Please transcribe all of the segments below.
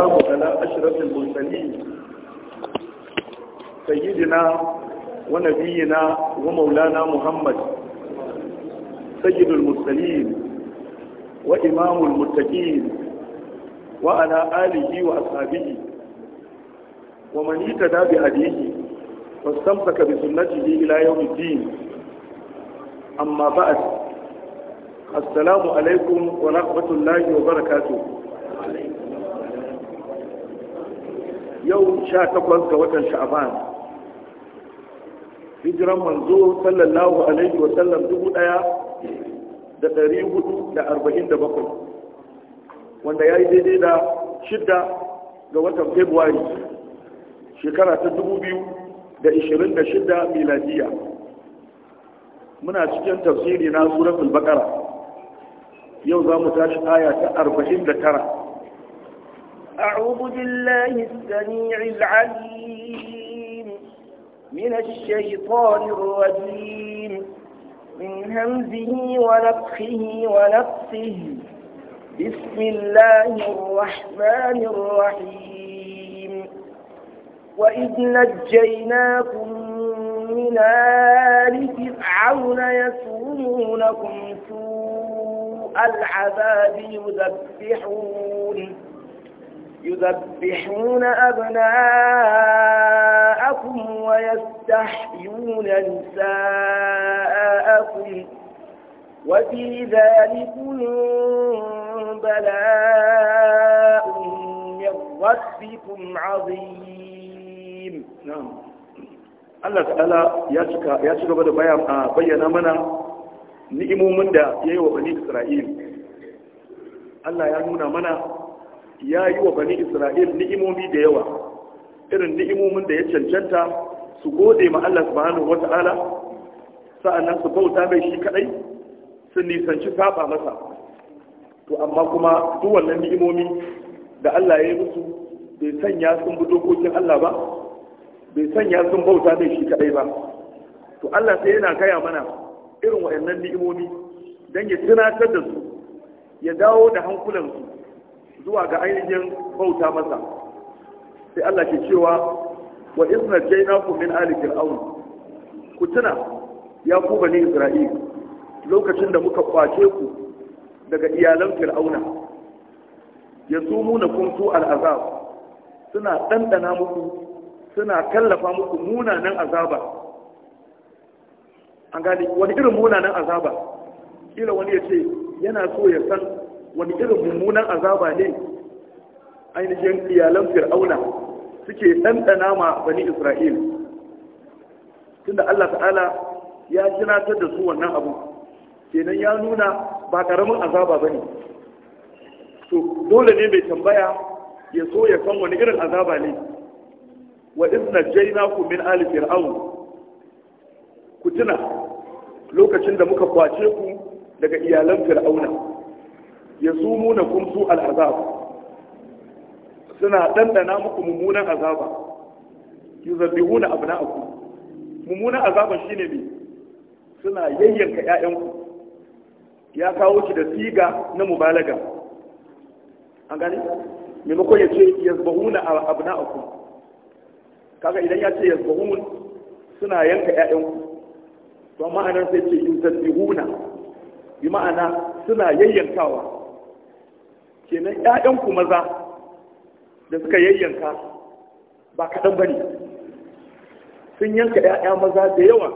والسلام على أشرف المرسلين سيدنا ونبينا ومولانا محمد سيد المرسلين وإمام المتقين وعلى آله وأصحابه ومن اهتدى بهديه واستمسك بسنته إلى يوم الدين أما بعد السلام عليكم ورحمة الله وبركاته yau sha takwas ga watan sha'aban hijiran manzo sallallahu alaihi wa sallam dubu ɗaya da dari hudu da arba'in da bakwai wanda ya yi daidai da shidda ga watan februari shekara ta dubu biyu da ishirin da shidda miladiya muna cikin tafsiri na suratul baqara yau za mu tashi aya ta arba'in da tara أعوذ بالله السميع العليم من الشيطان الرجيم من همزه ونفخه ونفسه بسم الله الرحمن الرحيم وإذ نجيناكم من آل فرعون يسومونكم سوء العذاب يذبحون يذبحون أبناءكم ويستحيون نساءكم وفي ذلك بلاء من ربكم عظيم نعم الله تعالى يشكى يشكى بيان منا آه، نئم من دا يوه بني إسرائيل الله يعلمنا منا ya yi wa bani isra'il ni'imomi da yawa irin ni'imomin da ya cancanta su gode ma Allah subhanahu wata'ala sa'annan su bauta mai shi kadai su nisanci saba masa to amma kuma duk wannan ni'imomi da Allah ya yi musu bai sanya sun bi dokokin Allah ba bai sanya sun bauta mai shi kadai ba to Allah sai yana gaya mana irin wa'annan ni'imomi don ya tunatar da su ya dawo da hankulansu zuwa ga ainihin bauta masa sai Allah ke cewa wa izna ku min ali fir'aun ku tuna ya ku bani isra'il lokacin da muka kwace ku daga iyalan fir'auna muna kun su al'azab suna dandana muku suna kallafa muku munanan azaba an gane wani irin munanan azaba kila wani ya ce yana so ya san wani irin mummunan azaba ne ainihin iyalan fir'auna suke ɗanɗana ma bani isra'il tunda allah ta'ala ya jinatar da su wannan abu kenan ya nuna ba ƙaramin azaba ba ne to dole ne mai tambaya ya so ya san wani irin azaba ne wa izna jaina ku min ali fir'aun ku tuna lokacin da muka kwace ku daga iyalan fir'auna ya sumu na kumsu al'azab suna ɗanɗana muku mummunan azaba yi zabbihu na abu aku. mummunan azaban shi ne ne suna yayyanka 'ya'yanku ya kawo shi da siga na mubalaga an gani maimakon ya ce abu na abu kaga idan ya ce yazbahu suna yanka 'ya'yanku to ma'anar sai ce yi zabbihuna yi ma'ana suna yayyankawa kenan ƴaƴanku maza da suka yayyanka ba kaɗan ba ne sun yanka ƴaƴa maza da yawa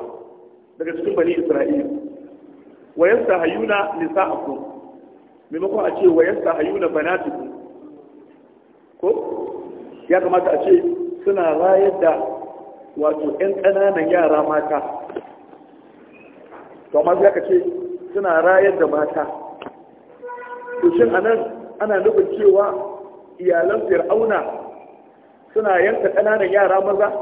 daga cikin bani isra'ila wa yasta hayuna nisa'akum maimakon a ce wa hayuna banatukum ko ya kamata a ce suna rayar da wato ƴan ƙananan yara mata to amma sai aka ce suna rayar da mata to shin anan ana nufin cewa iyalan fir'auna suna yanka ƙananan yara maza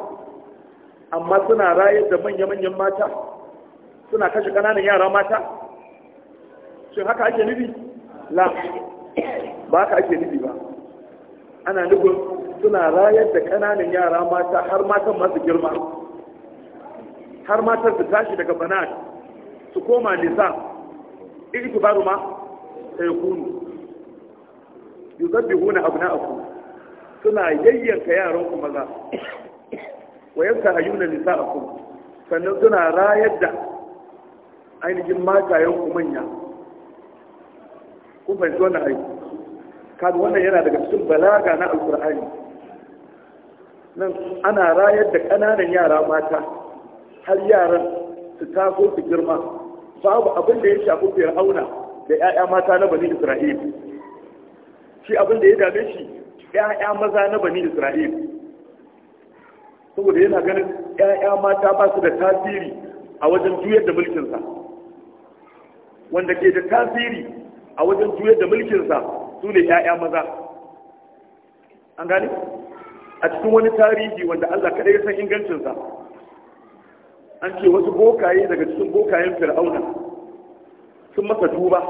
amma suna rayar da manya-manyan mata suna kashe ƙananan yara mata shin haka ake nufi la ba haka ake nufi ba ana nufin suna rayar da ƙananan yara mata har matan masu girma har matan su tashi daga banat su koma nisa iri tubaru ma ta yi kunu yuzabbihuna abna'akum suna yayyanka yaran ku maza wa ayyuna nisa'akum sannan suna rayar da ainihin matayen ku manya kun fahimci wannan aiki kaga wannan yana daga cikin balaga na alqur'ani nan ana rayar da ƙananan yara mata har yaran su taso su girma babu abin da ya shafi fir'auna da 'ya'ya mata na bani isra'ila shi abin da ya dame shi 'ya'ya maza na bani isra'il saboda yana ganin 'ya'ya mata ba su da tasiri a wajen juyar da mulkinsa wanda ke da tasiri a wajen juyar da mulkinsa su ne 'ya'ya maza an gane a cikin wani tarihi wanda Allah kaɗai ya san ingancinsa an ce wasu bokaye daga cikin bokayen fir'auna sun masa duba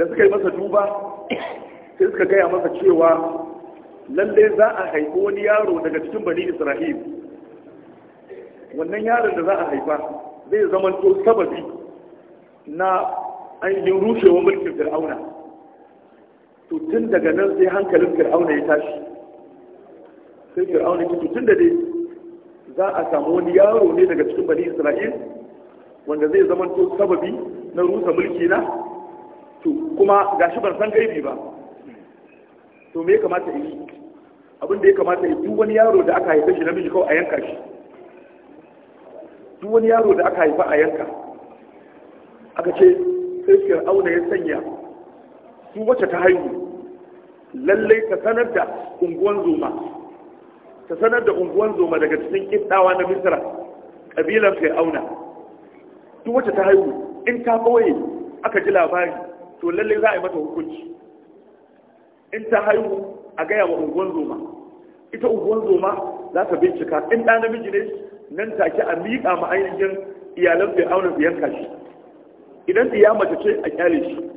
da suka yi masa duba sai suka gaya masa cewa lalle za a haifi wani yaro daga cikin bani isra'il wannan yaron da za a haifa zai zama to sababi na ainihin rushewa mulkin fir'auna to tun daga nan sai hankalin fir'auna ya tashi sai fir'auna ya tun da dai za a samu wani yaro ne daga cikin bani isra'il wanda zai zama to sababi na rusa mulki na to kuma gashi ban san gaibi ba to me ya kamata yi abin da ya kamata yi duk wani yaro da aka haifa shi namiji kawai a yanka shi duk wani yaro da aka haifa a yanka aka ce sai Auna ya sanya su wacce ta haihu lallai ta sanar da unguwan zoma ta sanar da unguwan zoma daga cikin kiddawa na misra kabilan Auna. duk wacce ta haihu in ta ɓoye aka ji labari to lallai za a yi mata hukunci in ta haihu a gaya wa unguwan zoma ita unguwan zoma za ta bincika in ɗan namiji ne nan ta ke a miƙa ma ainihin iyalan fir'auna su yanka shi idan iya mace ce a kyale shi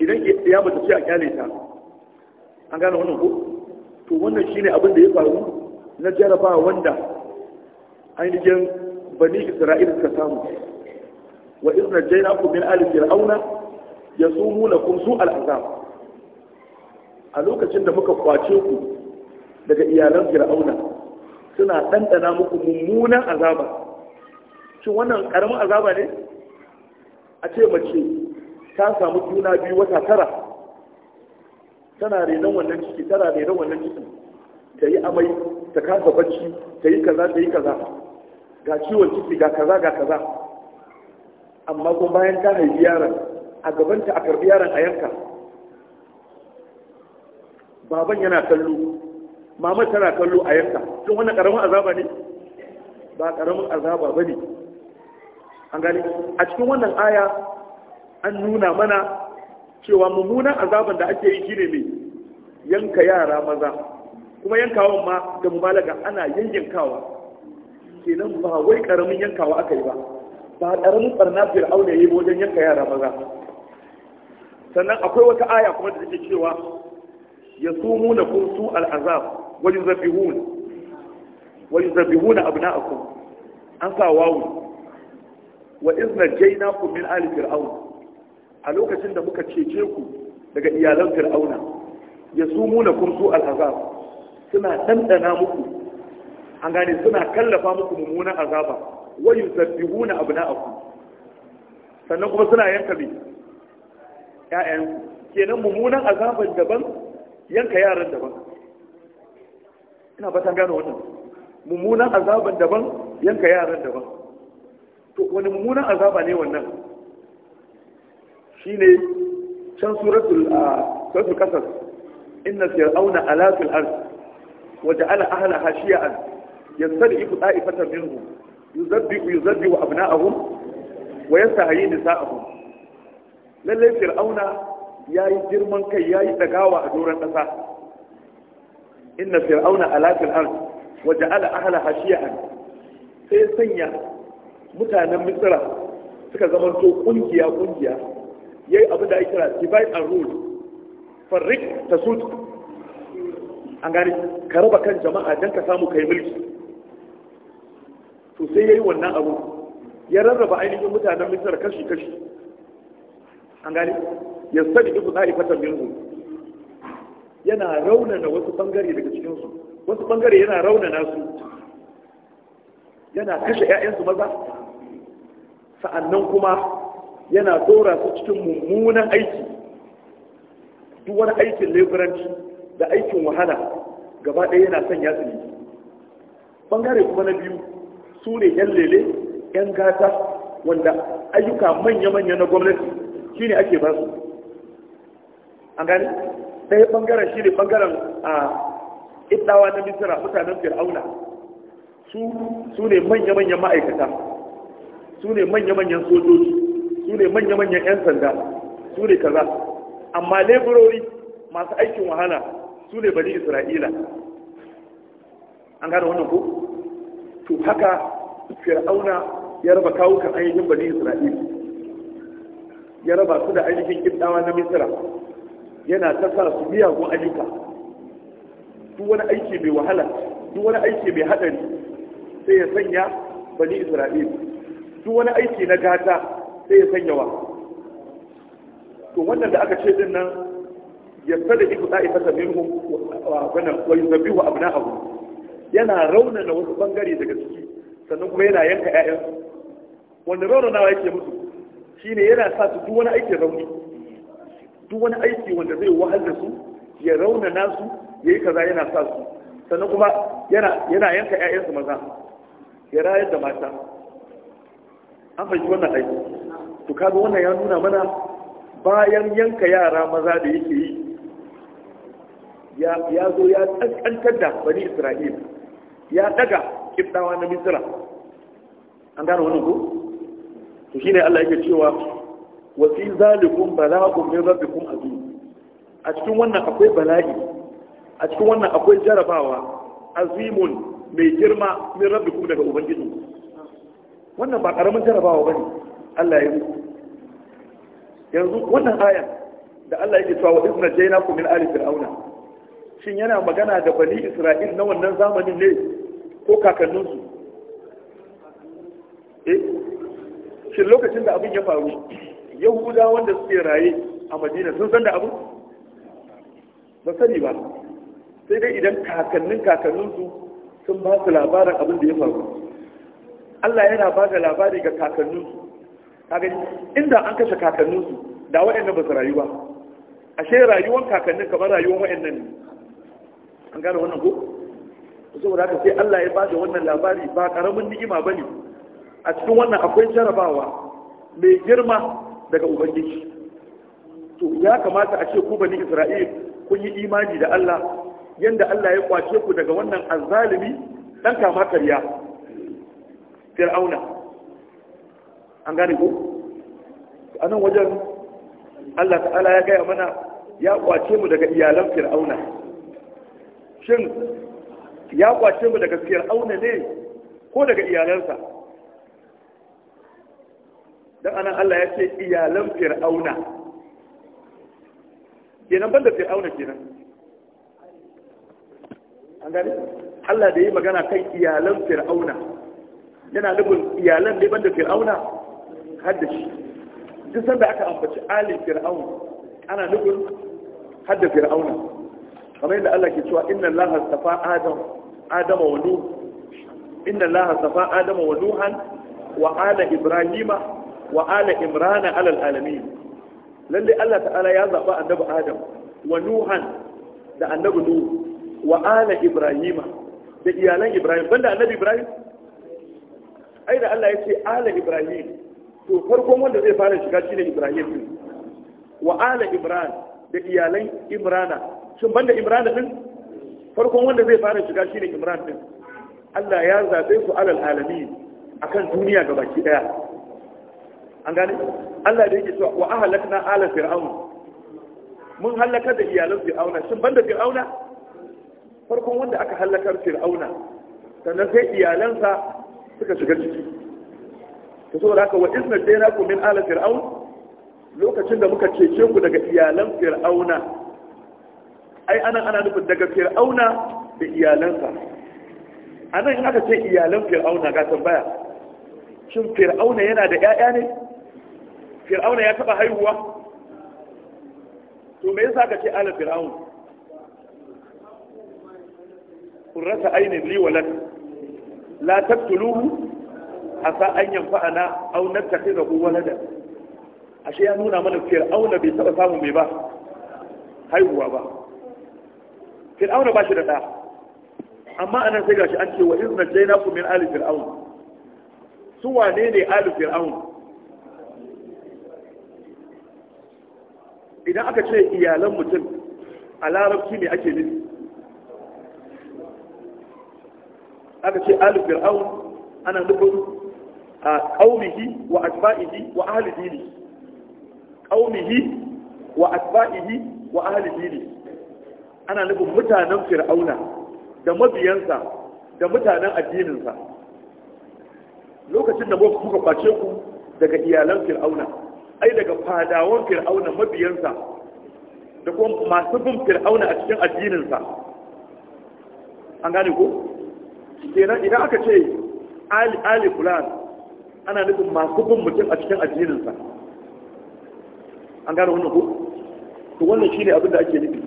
idan iya mace ce a kyale ta an gane wannan ko to wannan shine abin da ya faru na jaraba wanda ainihin bani isra'ila suka samu wa izna ku min ali fir'auna yasumunakum su'al azab a lokacin da muka kwace ku daga iyalan fir'auna suna ɗanɗana muku mummunan azaba shin wannan ƙaramin azaba ne a ce mace ta samu juna biyu wata tara tana renon wannan ciki tana renon wannan ciki ta yi amai ta kasa bacci ta yi kaza ta yi kaza ga ciwon ciki ga kaza ga kaza amma kuma bayan ta haifi yaron a gabanta a karbi yaron a yanka baban yana kallo mama tana kallo a yanka shin wannan karamin azaba ne ba karamin azaba ba ne an gani a cikin wannan aya an nuna mana cewa mummunan azaban da ake yi shine mai yanka yara maza kuma yankawa ma da mubalaga ana yayyankawa kenan ba wai karamin yankawa aka yi ba ba karamin barna fir'auna yi wajen yanka yara maza sannan akwai wata aya kuma da take cewa yasumunakum su al'azab wa yuzabbihun wa yuzabbihuna abna'akum an sa wawu wa izna jaynakum min ali Fir'auna. a lokacin da muka cece ku daga iyalan fir'auna yasumunakum su al'azab suna dandana muku an gane suna kallafa muku mummunan azaba wa yuzabbihuna abna'akum sannan kuma suna yanka bi ƴaƴan kenan mummunan azaban daban yanka yaran daban ina ba ta gano wannan mummunan azaban daban yanka yaran daban to wani mummunan azaba ne wannan shine can suratul a suratul qasas inna fir'auna ala fil ard wa ja'ala ahlaha shi'an yastad'ifu da'ifatan minhum yuzabbihu yuzabbihu abna'ahum wa yastahyi nisa'ahum lalle fir'auna ya yi girman kai ya yi dagawa a doron ƙasa inna fir'auna alafin ard waje ala ahala an sai sanya mutanen misira suka zamanto kungiya kungiya ya yi abin da ake kira divide and rule farrik ta sud an gani ka raba kan jama'a don ka samu kai mulki to sai ya yi wannan abu ya rarraba ainihin mutanen misira kashi-kashi an gani ya sani duk yi fatan minhu yana raunana wasu bangare daga cikinsu wasu bangare yana raunana su yana kashe 'ya'yansu maza sa'annan kuma yana dora su cikin mummunan aiki duk wani aikin leburanci da aikin wahala gaba ɗaya yana son yatsu ne bangare kuma na biyu su ne 'yan lele 'yan gata wanda ayyuka manya-manya na gwamnati shine ake ba su an gani ɗaya ɓangaren shi ne ɓangaren a iddawa na misira mutanen fir'auna su ne manya-manyan ma'aikata su ne manya-manyan sojoji su ne manya-manyan 'yan sanda su ne kaza amma laborori masu aikin wahala su ne bani isra'ila an gane wannan ko to haka fir'auna ya raba kawukan ainihin bani isra'ila ya raba su da ainihin kiddawa na misira yana ta sa su miyagun ayyuka duk wani aiki mai wahala duk wani aiki mai hadari sai ya sanya bani isra'il duk wani aiki na gata sai ya sanya wa to wannan da aka ce din nan ya sada iku da ifata minhum wa wannan wa yuzabbihu abna'ahu yana raunana wasu bangare daga ciki sannan kuma yana yanka ƴaƴan wanda raunanawa yake musu shine yana sa su duk wani aikin rauni duk wani aiki wanda zai wahal da su ya rauna raunana su yi kaza yana sa su sannan kuma yana yana yanka 'ya'yansu maza ya rayar da mata an fahimci wannan aiki to kaga wannan ya nuna mana bayan yanka yara maza da yake yi ya zo ya tsakantar da bani isra'il ya daga kiftawa na misira an gane wani ko to shine Allah yake cewa wa fi zalikum bala'un min rabbikum azim a cikin wannan akwai bala'i a cikin wannan akwai jarabawa azimun mai girma min rabbikum daga ubangiji wannan ba karamin jarabawa bane Allah ya yi yanzu wannan aya da Allah yake cewa wa izna jaynakum min ali fir'auna shin yana magana da bani isra'il na wannan zamanin ne ko kakanninsu eh shin lokacin da abin ya faru yahuda wanda suke raye a madina sun san da abu ba sani ba sai dai idan kakannin kakanninsu sun ba su labarin abin da ya faru Allah yana ba da labari ga kakanninsu kagani inda an kashe kakanninsu da waɗannan ba su rayu ba ashe rayuwar kakannin kamar rayuwar waɗannan ne an gane wannan ko saboda haka sai Allah ya ba da wannan labari ba karamin ni'ima bane a cikin wannan akwai jarabawa mai girma daga ubangiji to ya kamata a ce ku bani isra'il kun yi imani da Allah yanda Allah ya kwace ku daga wannan azzalimi dan kama karya fir'auna an gane ko a nan wajen Allah ta'ala ya gaya mana ya kwace mu daga iyalan fir'auna shin ya kwace mu daga fir'auna ne ko daga iyalansa dan anan Allah ya ce iyalan fir'auna kenan banda fir'auna kenan an gani Allah da yi magana kai iyalan fir'auna yana nufin iyalan ne banda fir'auna har da shi duk sanda aka ambaci alin fir'auna, ana nufin har da fir'auna kamar yadda Allah ke cewa inna Allah astafa Adam Adama wa Nuh inna Allah astafa Adama wa Nuhan wa ala Ibrahima wa ala imrana alal alamin lalle Allah ta'ala ya zaba annabi Adam wa Nuhan da annabi Nuh wa ala Ibrahima da iyalan Ibrahim banda annabi Ibrahim ai da Allah ya ce ala Ibrahim to farkon wanda zai fara shiga shine Ibrahim wa ala Ibrahim da iyalan Imrana shin banda Imrana din farkon wanda zai fara shiga shine Imran din Allah ya zaɓe su alal alamin akan duniya gabaki daya an gane Allah da yake cewa wa ahlakna ala fir'aun mun halaka da iyalan fir'auna shin da fir'auna farkon wanda aka halakar fir'auna sannan sai iyalansa suka shiga ciki ta so da wa isna dena ku min ala fir'aun lokacin da muka cece ku daga iyalan fir'auna ai anan ana nufin daga fir'auna da iyalansa anan in aka ce iyalan fir'auna ga tambaya shin fir'auna yana da ƴaƴa ne fir'auna ya taba haihuwa to me yasa ka ce ala fir'aun qurrata aynin li walad la taqtuluhu asa an yanfa'ana aw nattakhidahu walada ashe ya nuna mana fir'auna bai taba samu mai ba haihuwa ba fir'auna ba shi da da amma anan sai gashi an ce wa izna jainakum min ali fir'aun su wane ne ali fir'aun idan aka ce iyalan mutum a larabci ne ake nufi aka ce alifir aun ana nufin a qaumihi wa asba'ihi wa ahli ƙaunihi wa asba'ihi wa ahli ana nufin mutanen fir'auna da mabiyansa da mutanen addininsa lokacin da muka kwace ku daga iyalan fir'auna ai daga fadawan fir'auna mabiyansa da kuma masu bin fir'auna a cikin addininsa an gane ko kenan idan aka ce ali ali fulan ana nufin masu bin mutum a cikin addininsa an gane wannan ko to wannan shine abin da ake nufi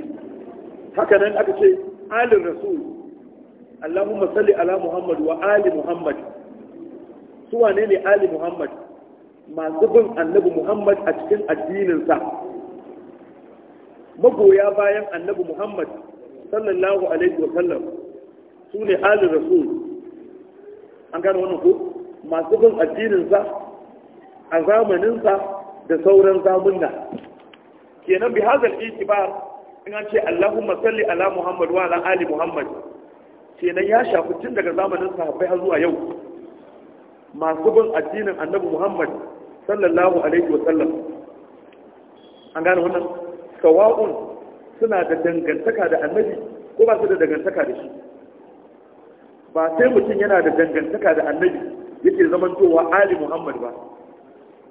haka nan aka ce alin rasul allahumma salli ala muhammad wa ali muhammad su wane ne ali muhammad masu bin annabi muhammad a cikin addininsa magoya bayan annabi muhammad sallallahu alaihi wa sallam su ne halin rasul an gano wannan ko masu bin addininsa a zamaninsa da sauran zamunna kenan bi hazal ikibar in an ce allahumma salli ala muhammad wa ala ali muhammad kenan ya shafi tun daga zamanin sahabbai har zuwa yau masu bin addinin annabi muhammad sallallahu alaihi wa sallam an gane wannan sawa'un suna da dangantaka da annabi ko ba su da dangantaka da shi ba sai mutum yana da dangantaka da annabi yake zaman towa ali muhammad ba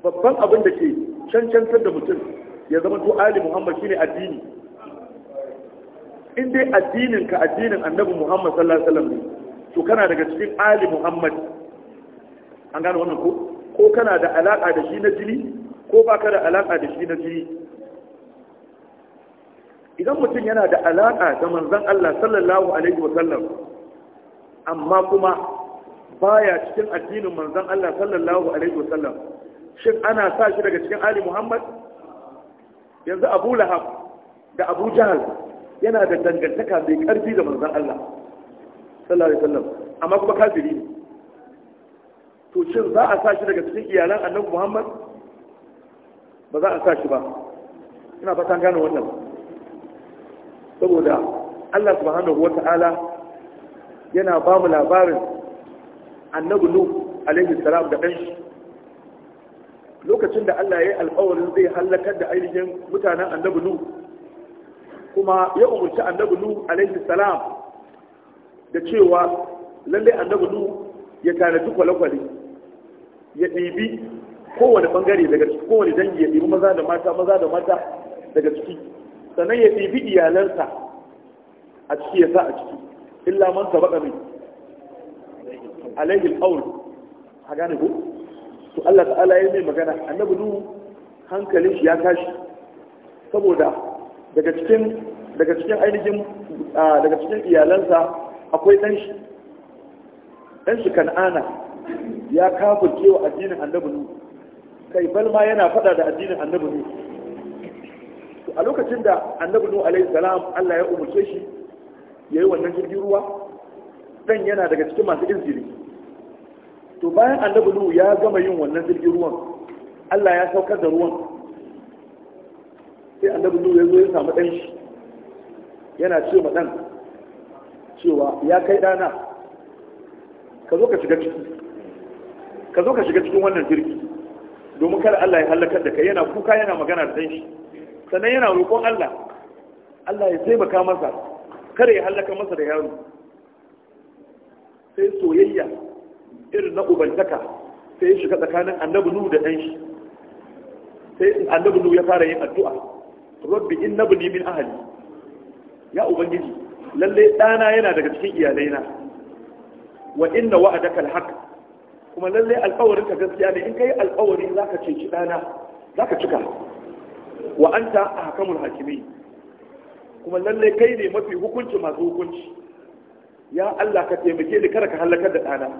babban abin da ke cancantar da mutum ya zama to ali muhammad shine addini in dai addinin ka addinin annabi muhammad sallallahu alaihi wasallam ne to kana daga cikin ali muhammad an gane wannan ko ko kana da alaƙa da shi na jini ko ba ka da alaƙa da shi na jini idan mutum yana da alaƙa da manzan Allah sallallahu alaihi wasallam amma kuma baya cikin addinin manzan Allah sallallahu alaihi wasallam shin ana sa shi daga cikin Ali Muhammad yanzu Abu Lahab da Abu Jahal yana da dangantaka mai ƙarfi da manzan Allah sallallahu alaihi wasallam amma kuma kafiri ne to shin za a sa daga cikin iyalan annabi muhammad ba za a sa ba ina fatan gane wannan saboda allah subhanahu wa ta'ala yana ba mu labarin annabi nu alaihi salam da ɗanshi lokacin da allah ya yi alkawarin zai hallakar da ainihin mutanen annabi nu kuma ya umarci annabi nu alaihi salam da cewa lallai annabi nu ya tanaji kwale-kwale ya ɗibi kowane ɓangare daga ciki kowane dangi ya ɗibi maza da mata maza da mata daga ciki sannan ya ɗibi iyalansa a ciki ya sa a ciki illa man baɗa mai alayhi al-qawl ha gane ko to Allah ta'ala ya mai magana annabi nu hankalin shi ya tashi saboda daga cikin daga cikin ainihin daga cikin iyalansa akwai dan shi dan shi kan'ana ya kafa wa addinin annabi nu kai bal ma yana fada da addinin annabi nu a lokacin da annabi nu alaihi salam Allah ya umurce shi yayi wannan jirgin ruwa dan yana daga cikin masu izgiri to bayan annabi nu ya gama yin wannan jirgin ruwan Allah ya saukar da ruwan sai annabi nu ya zo ya samu dan shi yana ce ma dan cewa ya kai dana ka zo ka shiga ciki ka zo ka shiga cikin wannan jirgi domin kada Allah ya halakar da kai yana kuka yana magana da danshi sannan yana roƙon Allah Allah ya taimaka masa kada ya halaka masa da yaro sai soyayya irin na ubantaka sai ya shiga tsakanin annabi nu da danshi sai annabi nu ya fara yin addu'a rabbi innabni min ahli ya ubangiji lalle dana yana daga cikin iyalaina wa inna wa'adaka alhaq kuma lallai alƙawarin ka gaskiya ne in kai alƙawari zaka ceci dana zaka cika wa anta ahkamul hakimi kuma lallai kai ne mafi hukunci masu hukunci ya Allah ka taimake ni kada ka halakar da dana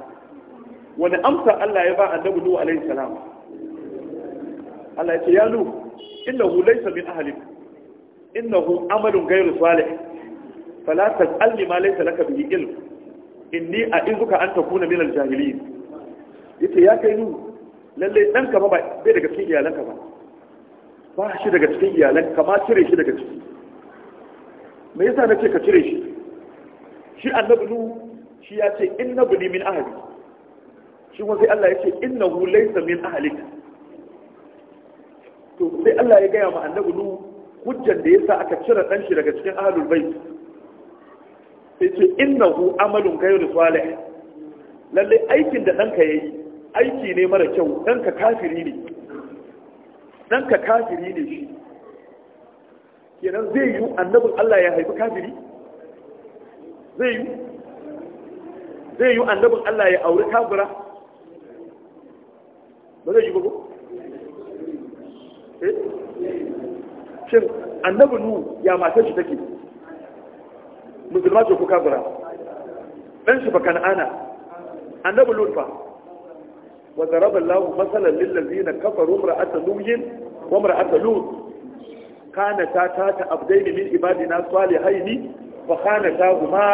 wani amsa Allah ya ba annabi Nuhu alaihi salam Allah ya ce ya Nuhu innahu laysa min ahlik innahu amalun ghayru salih fala tas'alni ma laysa laka bihi ilm inni a'izuka an takuna min al-jahilin yace ya kai nu lalle dan ka ba bai daga cikin iyalanka ba ba shi daga cikin iyalanka ma cire shi daga ciki me yasa nace ka cire shi shi annabi nu shi ya ce inna buni min ahli shi kuma sai Allah ya ce innahu laysa min ahlik to sai Allah ya gaya ma annabi nu hujjan da yasa aka cire dan shi daga cikin ahlul bait sai ce innahu amalun ghayru salih lalle aikin da danka yayi aiki ne mara kyau ɗanka kafiri ne ɗanka kafiri ne shi kenan zai yi annabin Allah ya haifi kafiri zai yi zai yi annabin Allah ya auri kafira ba zai yi ba ko eh shin annabin nu ya matar shi take musulma ko kafira Ɗan shi ba kan'ana annabin lulfa? wa zaraba Allahu masalan lil ladina kafaru imra'ata nuhin wa imra'ata lut kana ta ta ta abdaini min ibadina salihaini fa kana ta huma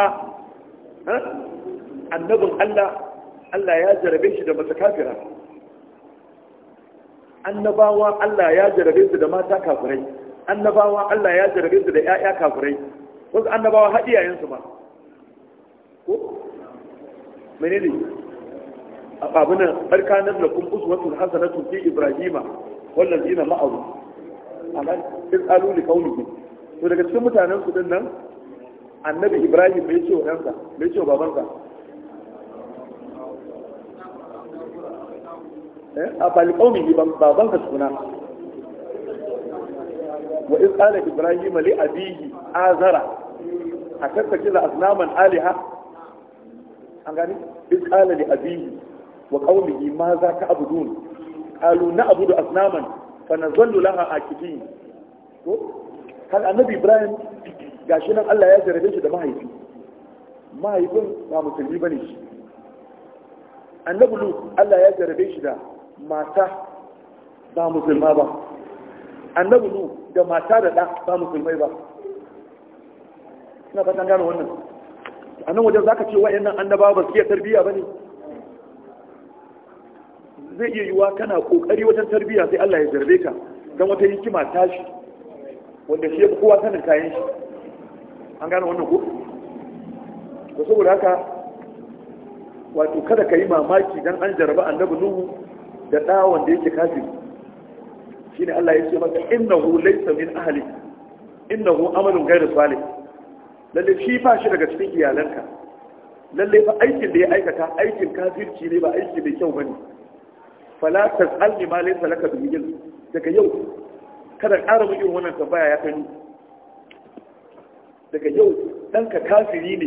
annabin Allah Allah ya jarabe da annabawa Allah ya jarabe su da mata kafirai annabawa Allah ya da ƴaƴa kafirai wasu annabawa har iyayensu ba ko menene أقابنا هل كانت لكم أسوة حسنة في إبراهيم والذين معه اسألوا لقومهم فإذا كنت سمت عن نفسه أن النبي إبراهيم ليسوا أنت ليسوا بابنك أبا لقومه بابنك سبنا وإذ قال إبراهيم لأبيه آذرة أكدت كذا أصناما آلهة أنا إذ قال لأبيه wa qawlihi ma za ta abudun qalu na abudu asnaman fa nazallu laha akidin to kan annabi ibrahim gashi nan Allah ya jarabe shi da mahaifi mahaifin ba musulmi bane shi annabi Allah ya jarabe shi da mata ba musulma ba annabi da mata da ɗa ba musulmai ba ina fatan gano wannan a nan wajen za ce wa'annan annaba ba su iya tarbiyya ba ne zai iya yiwuwa kana kokari wajen tarbiyya sai Allah ya jarbe ka dan wata hikima tashi wanda shi yafi kowa sanin kayan shi an gane wannan ko to saboda haka wato kada ka yi mamaki dan an jarba annabi nuhu da da wanda yake kafiri shine Allah ya ce maka innahu laysa min ahli innahu amalun ghayr salih lalle shi ba shi daga cikin iyalanka lalle fa aikin da ya aikata aikin kafirci ne ba aiki mai kyau bane fala tas'al li ma laysa laka bihi ilm daga yau kada ƙara mu irin wannan tambaya ya kai daga yau ɗanka kafiri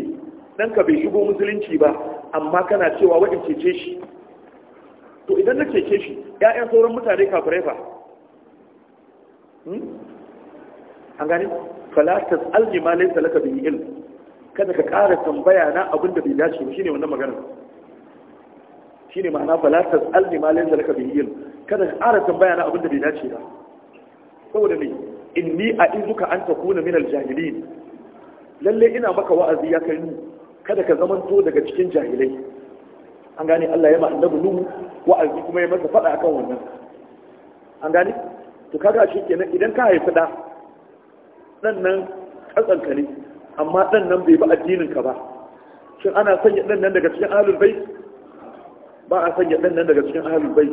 ne ka bai shigo musulunci ba amma kana cewa wa'in cece shi to idan na cece shi ‘ya'yan sauran mutane kafirai ba hmm? an gani falatas aljima laisa laka bin ilm kada ka ƙara tambaya na abin da bai dace ba shine wannan maganar shine ma'ana fala tas'al ni ma laysa laka ilm kada ka ƙara tambaya na abin da bai dace ba saboda ni inni a'izuka an takuna min al-jahilin lalle ina maka wa'azi ya kai kada ka zamanto daga cikin jahilai an gane Allah ya ma annabi nuhu wa'azi kuma ya masa fada akan wannan an gane to kaga shi kenan idan ka haifi da dan nan katsanka ne amma dan nan bai bi addinin ka ba shin ana sanya dan nan daga cikin ahlul bait ba a sanya ɗan nan daga cikin ahalul bai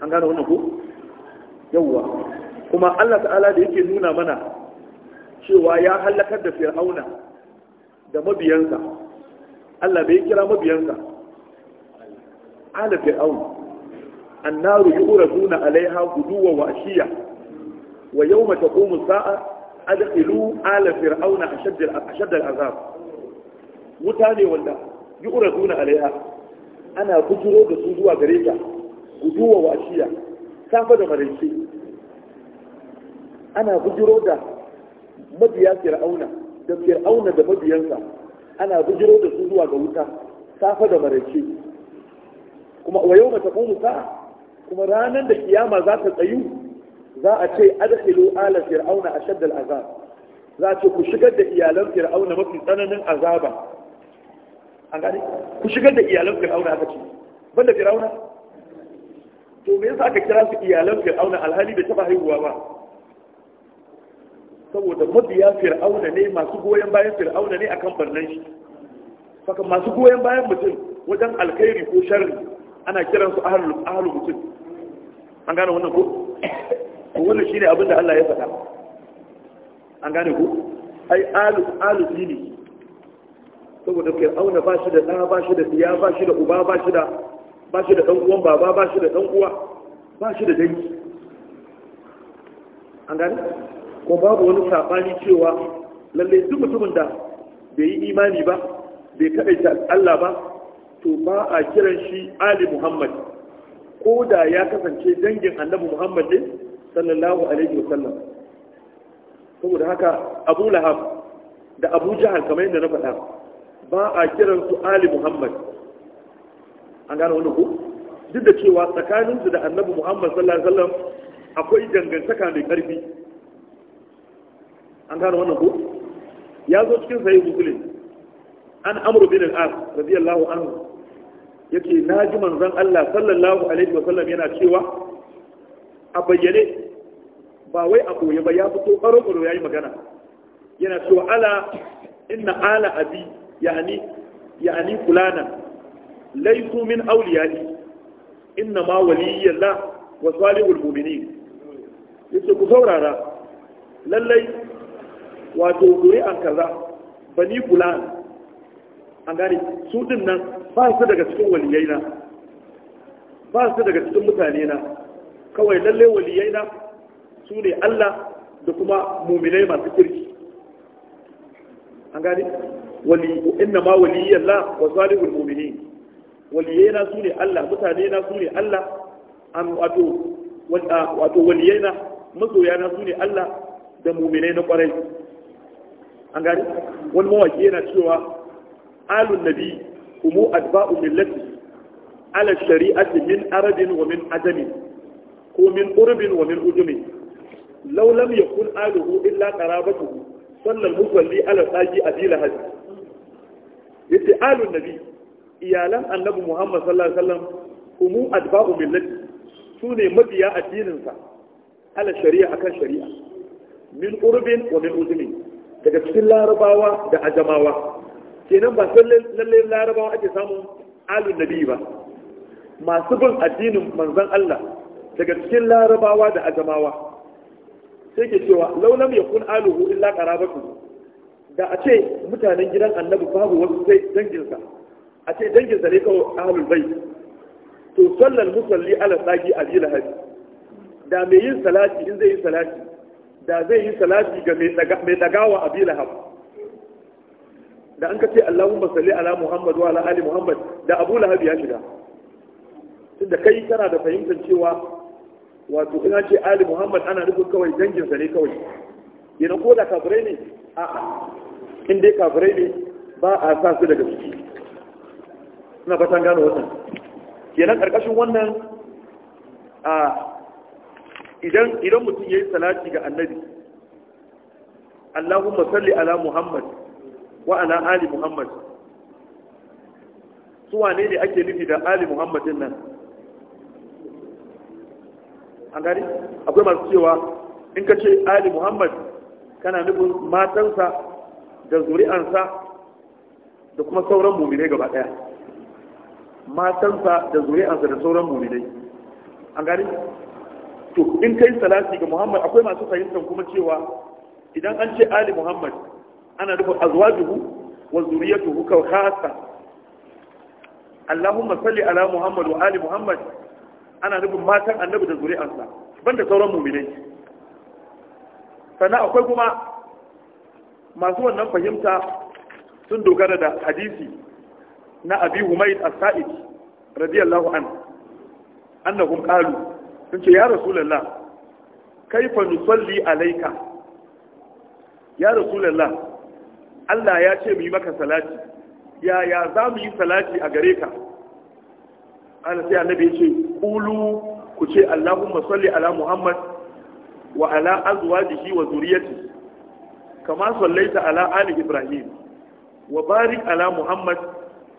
an gane wannan ko yawwa kuma Allah ta'ala da yake nuna mana cewa ya halakar da fir'auna da mabiyansa Allah bai kira mabiyansa ala fir'aun annaru yuraduna alaiha guduwa wa ashiya wa yawma taqumu sa'a adkhilu ala fir'auna ashadda ashadda al'azab wuta ne wanda yuraduna alaiha ana bujiro da su zuwa gare ka guduwa washiya safa da maraice ana bujiro da mabiya fir'auna da fir'auna da mabiyansa ana bujiro da su zuwa ga wuta safa da maraice kuma wa yau mata sa kuma ranar da kiyama za ta tsayu za a ce adkhilu ala fir'auna ashadda azab za a ce ku shigar da iyalan fir'auna mafi tsananin azaba an gane ku shigar da iyalan fir'auna aka ce banda fir'auna to me yasa aka kira su iyalan fir'auna alhali da taba haihuwa ba saboda mabiya fir'auna ne masu goyon bayan fir'auna ne akan barnan shi saka masu goyon bayan mutum wajen alkhairi ko sharri ana kiransu ahlul ahlul mutum an gane wannan ko ko wannan shine abin da Allah ya faɗa an gane ko ai alu alu dini saboda auna ba shi da ɗa ba shi da siya ba shi da uba ba shi da ba shi da ɗan'uwan baba ba shi da ɗan'uwa ba shi da dangi an gani ko babu wani saɓani cewa lalle duk mutumin da bai yi imani ba bai ta Allah ba to ba a kiran shi Ali Muhammad ko da ya kasance dangin annabi Muhammad ne sallallahu alaihi wa sallam saboda haka Abu Lahab da Abu Jahal kamar yadda na faɗa ba a su ali muhammad an gano wani ku duk da cewa su da annabi muhammad sallallahu alaihi wasallam akwai dangantaka mai karfi an gano wannan ku ya zo cikin sahih muslim an amru bin al-as radiyallahu anhu yake naji manzon Allah sallallahu alaihi wasallam yana cewa a bayyane ba wai a koyi ba ya fito karo karo yayi magana yana cewa ala inna ala abi yani yani fulana laisu min auliyai inna ma waliyallah wa salihul mu'minin yace ku saurara lallai wato ƙuri'an kaza bani fulan an gane su din nan ba su daga cikin waliyai na ba su daga cikin na kawai lallai waliyai na su ne Allah da kuma muminai masu kirki an gani. wali inna ma waliyallah wa salihul mu'minin waliyena sune Allah mutane na sune Allah an wato ah, wato waliyena masoya na sune Allah da mu'minai na kwarai an gani wani mawaki yana cewa alun nabi umu adba'u millati ala shari'ati min arabin wa min ajami ko min urbin wa min ujumi law lam yakun aluhu illa qarabatuhu sallal musalli ala saji adila hadi yace alun nabi iyalan annabi muhammad sallallahu alaihi wasallam umu adba'u millati sune mabiya addinin sa ala akan shari'a min urbin wa min uzmi daga cikin larabawa da ajamawa kenan ba sai lalle larabawa ake samun alun nabi ba masu bin addinin manzon Allah daga cikin larabawa da ajamawa sai ke cewa laulam yakun aluhu illa qarabatu da a ce mutanen gidan annabi babu wasu sai danginsa a ce danginsa ne kawai ahlul bai to sallar musalli ala tsagi a jila hari da mai yin salati in zai yi salati da zai yi salati ga mai dagawa a bila hab da an ka ce allahumma masalli ala muhammad wa ala ali muhammad da abu lahabi ya shiga tunda kai kana da fahimtar cewa wato ina ce ali muhammad ana nufin kawai danginsa ne kawai yana ko da kafirai ne a inda ya kafirai ne ba a sa su daga ciki suna fatan gano wannan Yana karkashin wannan a idan idan mutum yi salati ga annabi Allahumma salli ala Muhammad wa ala ali Muhammad su wane ne ake nufi da ali muhammadin nan an gari akwai masu cewa in ka ce ali Muhammad kana nufin matansa da zuri'ansa da kuma sauran muminai gaba daya matansa da zuri'ansa da sauran muminai an gani to in kai salati ga muhammad akwai masu fahimtar kuma cewa idan an ce ali muhammad ana nufin azwajuhu wa zuriyatuhu ka khasa allahumma salli ala muhammad wa ali muhammad ana nufin matan annabi da zuri'ansa banda sauran muminai sannan akwai kuma masu wannan fahimta sun dogara da hadisi na abi humaid a said radiyallahu an annahum qalu sun ce ya rasulullah kaifa nusalli alayka ya rasulullah Allah ya ce mu yi maka salati ya ya za mu yi salati a gare ka ana sai annabi ya ce kulu ku ce Allahumma salli ala Muhammad wa ala azuwa azwajihi wa zuriyatihi kama sallaita ala ali ibrahim wa barik ala muhammad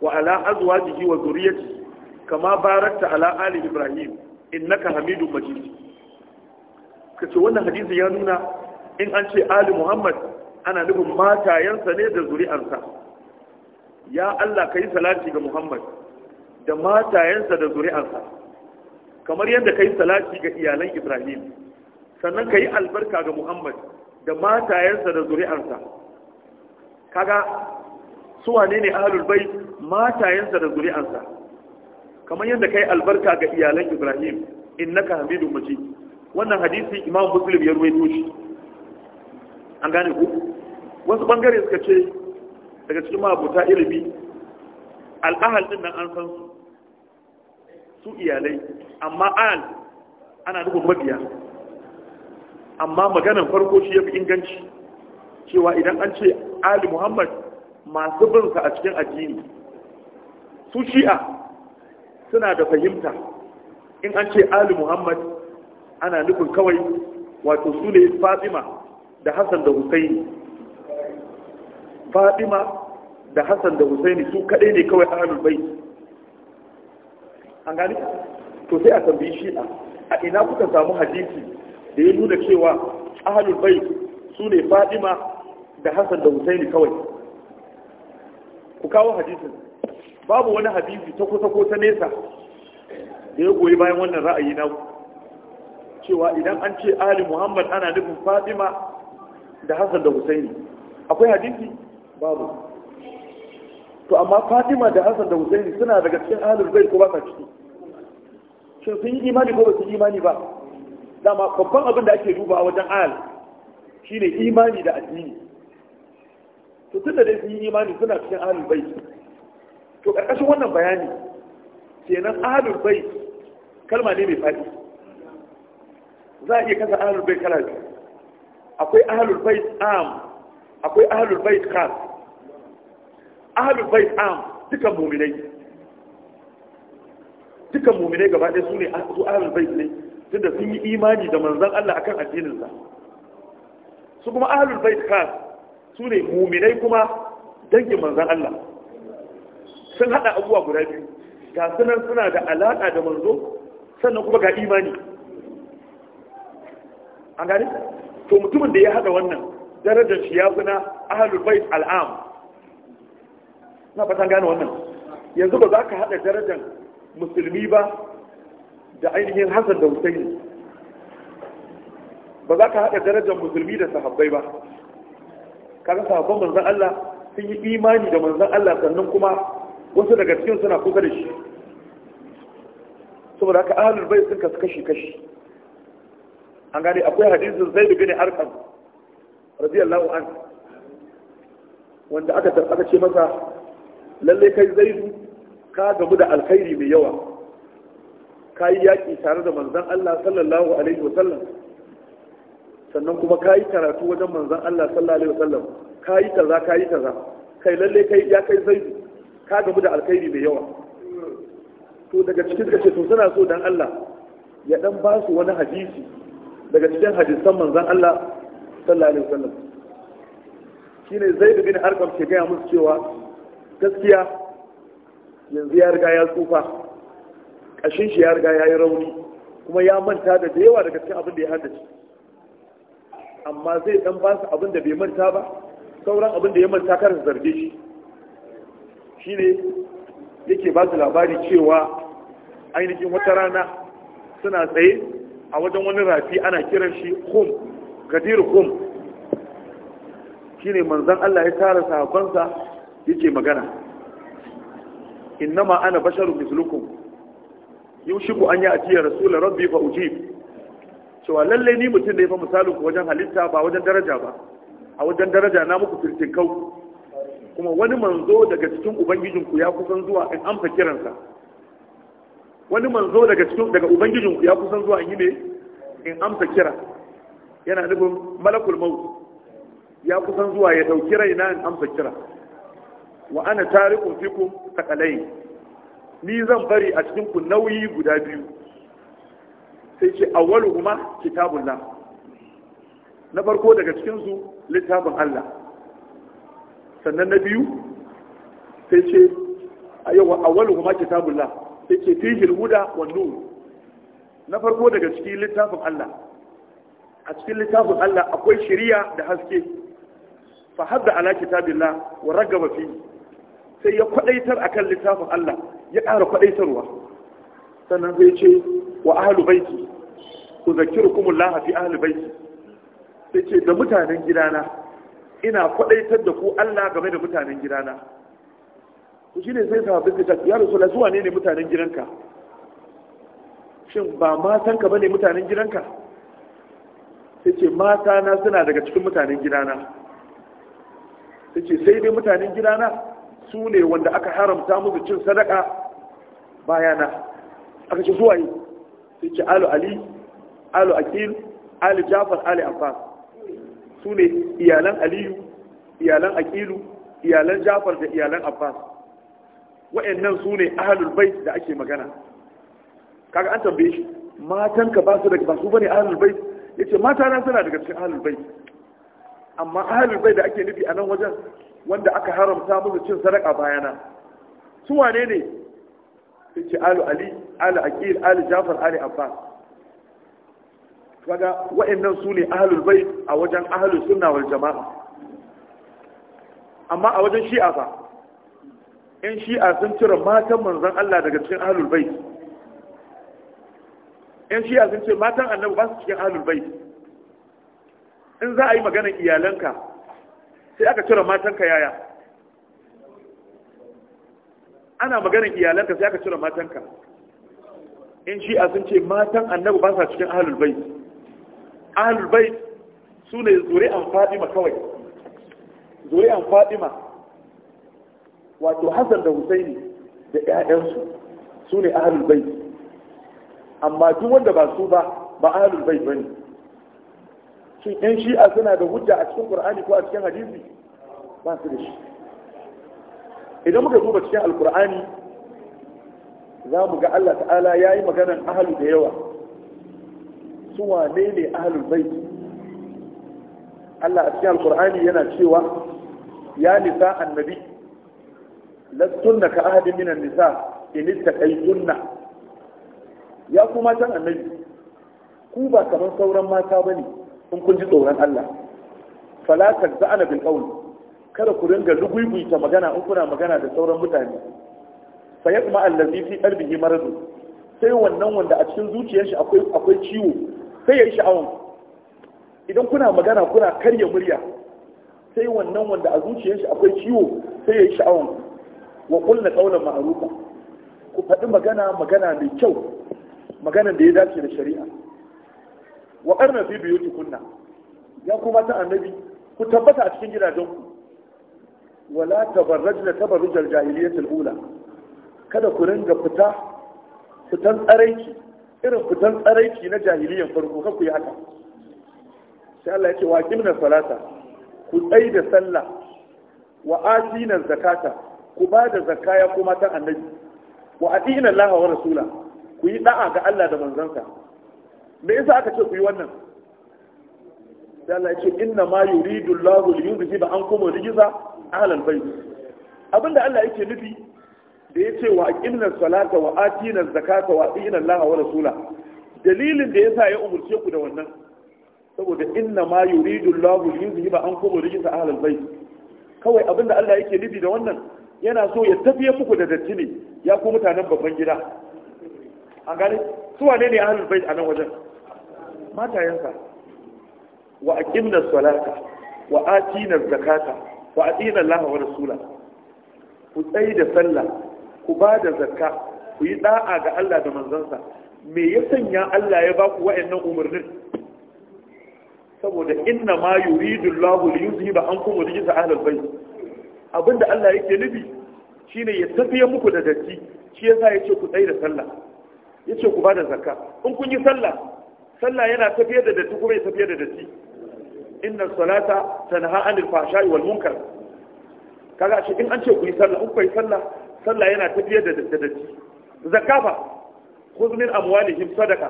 wa ala azuwa azwajihi wa zuriyatihi kama barakta ala ali ibrahim innaka hamidun majid kace wannan hadisi ya nuna in an ce ali muhammad ana nufin matayensa ne da zuri'arsa ya Allah ka yi salati ga Muhammad da matayensa da zuri'ansa kamar yadda ka yi salati ga iyalan Ibrahim sannan ka yi albarka ga muhammad da matayensa da zuri'arsa kaga su wane ne ahlul bai matayensa da zuri'arsa kamar yadda ka yi albarka ga iyalan ibrahim innaka hamidu majid wannan hadisi imam muslim ya ruwaito shi an gane ku wasu bangare suka ce daga cikin mabuta ilimi al'ahal din nan an san su su iyalai amma al ana nufin mabiya amma maganan farko shi ya fi inganci cewa idan an ce ali muhammad masu binsa a cikin addini su shi'a suna da fahimta in an ce ali muhammad ana nufin kawai wato su ne fatima da hassan da husaini fatima da hassan da husaini su kaɗai ne kawai halin bai an gani to sai a tambayi shi'a a ina kuka samu hadisi da ya nuna cewa ahalin bai su ne fadima da hassan da Hussaini kawai ku kawo hadisin babu wani hadisi ta kusa ko ta nesa da ya goyi bayan wannan ra'ayi na cewa idan an ce ali muhammad ana nufin fadima da hassan da Hussaini, akwai hadisi babu to amma fatima da hassan da Hussaini suna daga cikin ahalin bai ko ba ta ciki shin sun yi imani ko ba su yi imani ba dama babban abin da ake duba wajen al shine imani da addini to tun da sun yi imani suna cikin ahlul bai to ƙarƙashin wannan bayani kenan ahlul bai kalma ne mai faɗi za a iya kasa ahlul bai kala biyu akwai ahlul bai am akwai ahlul bai kas ahlul bai am dukan muminai duka muminai gaba ɗaya su ne su bai ne tunda sun yi imani da manzon Allah akan addininsa su kuma ahlul bait khas su ne muminai kuma dangin manzon Allah sun hada abubuwa guda biyu ga sunan suna da alaka da manzo sannan kuma ga imani an gane to mutumin da ya hada wannan darajar shi ya fi na ahlul bait al'am na fatan gane wannan yanzu ba za ka hada darajar musulmi ba da ainihin Hassan da Hussein ba za ka haɗa darajar musulmi da sahabbai ba kaga sahabban manzon Allah sun yi imani da manzon Allah sannan kuma wasu daga cikin suna kusa da shi saboda haka ahlul bayt sun kasu kashi kashi an gane akwai hadisin Zaid bin Arqam radiyallahu anhu wanda aka aka ce masa lalle kai Zaidu ka gamu da alkhairi mai yawa ka yi yaƙi tare da manzan Allah sallallahu alaihi wasallam sannan kuma ka yi karatu wajen manzan Allah sallallahu alaihi wasallam ka yi kaza ka yi kaza kai lalle kai ya kai zaidu ka gamu da alkhairi mai yawa to daga cikin kace to suna so dan Allah ya dan ba su wani hadisi daga cikin hadisan manzan Allah sallallahu alaihi wasallam shine zaid bin arqam ke gaya musu cewa gaskiya yanzu ya riga ya tsufa kashin shi ya riga ya yi rauni kuma ya manta da da yawa daga cikin abin da ya haddace amma zai dan ba su abin da bai manta ba sauran abin da ya manta kar su zarge shi shine yake ba su labari cewa ainihin wata rana suna tsaye a wajen wani rafi ana kiran shi kum kadir kum shine manzon Allah ya tara sahabbansa yake magana innama ana basharun mislukum yushiku an ya atiya rasul rabbi fa ujib cewa lalle ni mutum ya fa misalin ku wajen halitta ba wajen daraja ba a wajen daraja na muku firtinkau kuma wani manzo daga cikin ubangijinku ya kusan zuwa in amsa kiransa wani manzo daga cikin daga ubangijinku ya kusan zuwa in yi ne in amsa kira yana nufin malakul maut ya kusan zuwa ya dauki raina in amsa kira wa ana tariqun fikum takalai ni zan bari a cikin ku nauyi guda biyu sai ce awwalu kuma kitabullah na farko daga cikin su littafin Allah sannan na biyu sai ce ayyawa awwalu kuma kitabullah sai ce fihi alhuda wan nur na farko daga cikin littafin Allah a cikin littafin Allah akwai shari'a da haske fa hadda ala kitabillah wa ragaba fi sai ya kwadaitar akan littafin Allah ya ƙara kwaɗaitarwa sannan zai ce wa ahalu baiti ku zakiru kuma lahafi ahalu baiti sai ce da mutanen gidana ina kwaɗaitar da ku Allah game da mutanen gidana ku shi ne sai sahabin ka ya rasu zuwa ne ne mutanen gidanka shin ba matan ba ne mutanen gidanka sai ce mata na suna daga cikin mutanen gidana sai ce sai dai mutanen gidana su ne wanda aka haramta musu cin sadaka bayana aka ce yi su ce alu ali alu akil alu jafar alu abbas su ne iyalan aliyu iyalan akilu iyalan jafar da iyalan abbas wa'annan su ne ahalul bai da ake magana kaga an tambaye shi matan ka ba su daga ba su bane ahalul ya yace mata na suna daga cikin ahalul bai amma ahalul bai da ake nufi a nan wajen wanda aka haramta musu cin sadaka bayana su wane ne sai ce alu ali alu aqil alu jafar alu abbas kaga wa'annan su ne ahlul bait a wajen ahlus sunna wal jama'a amma a wajen shi'a fa in shi'a sun cire matan manzon Allah daga cikin ahlul bait in shi'a sun ce matan annabi ba su cikin ahlul bait in za a yi maganar iyalanka sai aka cire matanka yaya ana maganin iyalanka sai aka cire matanka in shi a sun ce matan annabi ba sa cikin ahlul bait ahlul bait su ne an fadima kawai an fadima wato hassan da husaini da ƴaƴansu su ne ahlul bait amma duk wanda ba su ba ba ahlul bait bane shin yan shi'a suna da hujja a cikin qur'ani ko a cikin hadisi ba su da shi idan muka duba cikin alqur'ani za mu ga Allah ta'ala ya yi maganan ahalu da yawa su wane ne ahalul bai Allah a cikin alkur'ani yana cewa ya nisa annabi lastunna ka ahadin minan nisa in ittaqaytunna ya kuma tan annabi ku ba kamar sauran mata bane kun kun ji tsoron Allah fala tazana bil qawl kada ku ringa luguiguita magana in kuna magana da sauran mutane fa yaqma allazi fi qalbihi marad sai wannan wanda a cikin zuciyar shi akwai akwai ciwo sai ya yi sha'awan idan kuna magana kuna karya murya sai wannan wanda a zuciyar shi akwai ciwo sai ya yi sha'awan wa qulna qawlan ma'rufa ku faɗi magana magana mai kyau magana da ya dace da shari'a wa karna fi biyutikunna ya kuma ta annabi ku tabbata a cikin gidajenku wala tabarrajna tabarrujal jahiliyatul ula kada ku ringa fita fitan tsaraici irin fitan tsaraici na jahiliyan farko kan ku yi haka sai Allah ya ce wa kimna salata ku tsai da sallah wa atina zakata ku ba da zakaya kuma ta annabi wa atina Allah wa rasula ku yi da'a ga Allah da manzansa me yasa aka ce ku yi wannan sai Allah ya ce inna ma yuridu Allahu li yuzhiba ankum rijza ahlal bayt abinda Allah yake nufi da yace wa aqimna salata wa atina zakata wa atina Allah wa rasula dalilin da yasa ya umurce ku da wannan saboda inna ma yuridu Allahu li yuzhiba ankum rijza ahlal bayt kawai abinda Allah yake nufi da wannan yana so ya tafiye muku da datti ne ya ku mutanen babban gida an gane su wane ne ahlul bayt a nan wajen matayensa wa aqimna salata wa atina zakata wa atina Allah wa rasula ku tsayi da sallah ku ba da zakka ku yi da'a ga Allah da manzansa me ya sanya Allah ya ba ku wa'annan umarnin saboda inna ma yuridu ba li yuzhiba ankum rijsa ahli al-bayt abinda Allah yake nufi shine ya tafiye muku da datti shi yasa yace ku tsayi da sallah yace ku ba da zakka in kun yi sallah sallah yana tafiyar da datti kuma ya tafiyar da datti inna salata tanha anil fahsha'i wal munkar kaga shi in an ce ku yi sallah in ku yi sallah sallah yana tafiyar da datti zakafa khudh min amwalihim sadaqa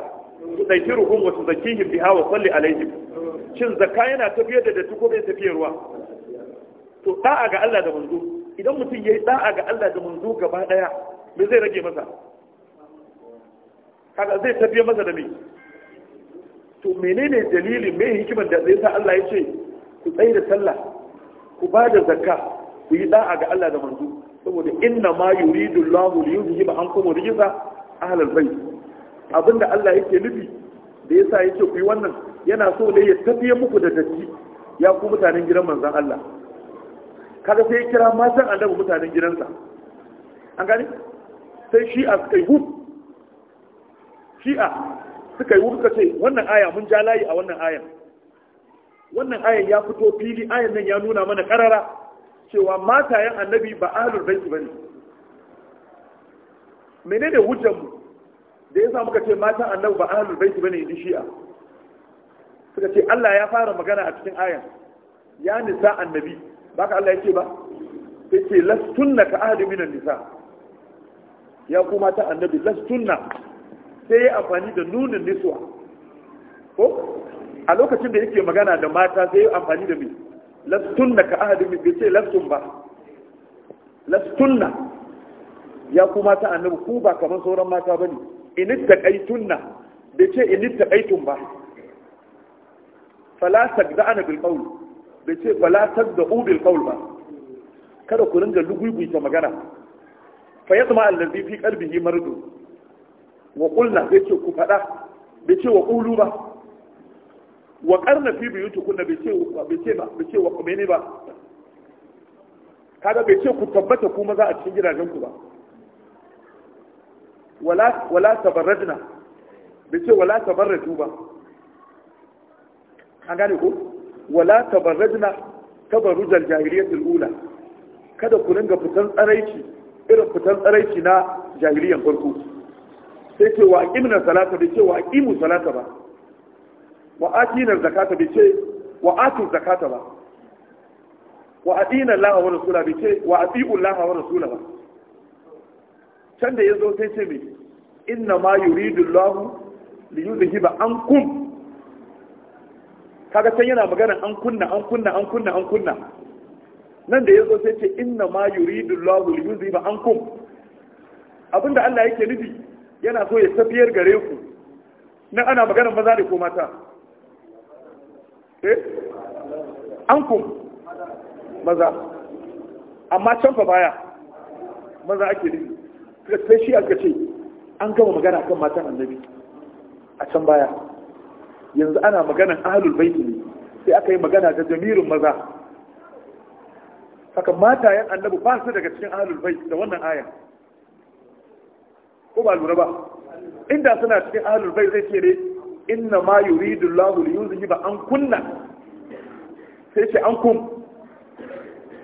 tudayyiruhum wa tuzakkihim biha wa salli alayhim shin zakka yana tafiyar da datti ko bai wa to da'a ga Allah da manzo idan mutum yayi da'a ga Allah da manzo gaba daya me zai rage masa kaga zai tafiyar masa da me to menene dalilin mai hikimar da zai sa Allah ya ce ku tsaye sallah ku ba da zakka ku yi da'a ga Allah da manzo saboda inna ma yuridu Allahu li an ankum rijza ahlal bayt abinda Allah yake nufi da yasa yake ku yi wannan yana so ne ya tafiye muku da datti ya ku mutanen gidan manzon Allah kaga sai ya kira matan annabi mutanen gidansa an gani sai shi'a suka yi shi shi'a suka yi suka ce wannan aya mun ja layi a wannan ayan wannan ayan ya fito fili ayan nan ya nuna mana karara cewa matayen annabi ba ahlul baiti bane menene hujjar mu da yasa muka ce matan annabi ba ahlul baiti bane in shi'a suka ce Allah ya fara magana a cikin ayan ya nisa annabi baka Allah yake ba yace lastunna ka ahli minan nisa ya kuma ta annabi lastunna sai ya amfani da nunin niswa ko a lokacin da yake magana da mata sai ya amfani da mai lastunna ka ahadin mai bai ce lastun ba lastunna ya ku mata annabi ku ba kamar sauran mata ba ne. bane in taqaitunna bai ce in taqaitun ba fala da ana bilkaul. bai ce falasak da u bilkaul ba kada ku ringa ta magana fa yatma allazi fi qalbihi mardu wa kulna bai ce ku faɗa bai ce wa ƙulu ba wa ƙarna fi biyu tukunna bai ce ba bai ce wa kumene ba Kada bai ce ku tabbata kuma za a cikin gidajen ku ba wala wala tabarrajna bai ce wala tabarraju ba an gane ko wala tabarrajna tabarrujal jahiliyatul ula kada ku ringa fitan tsaraici irin fitan tsaraici na jahiliyan farko sai ce wa aqimna salata bai ce wa aqimu salata ba wa atina zakata bai ce wa atu zakata ba wa atina Allah wa rasula bai ce wa atiu Allah wa rasula ba can da yazo sai ce me inna ma yuridu Allah li yuzhiba ankum kaga can yana magana an kunna an kunna an kunna an kunna nan da yazo sai ce inna ma yuridu Allah li yuzhiba ankum abinda Allah yake nufi yana so ya tafiyar gare ku na ana maganar maza ne ko mata eh an kun maza amma can fa baya maza ake nufi sai shi aka ce an gama magana kan matan annabi a can baya yanzu ana maganan ahlul baiti ne sai aka yi magana da jamirin maza haka matayen annabi ba su daga cikin ahlul bait da wannan aya ko ba lura ba inda suna cikin ahlul bai zai ce ne inna ma yuridu Allahu li yuzhiba an kunna sai ce an kun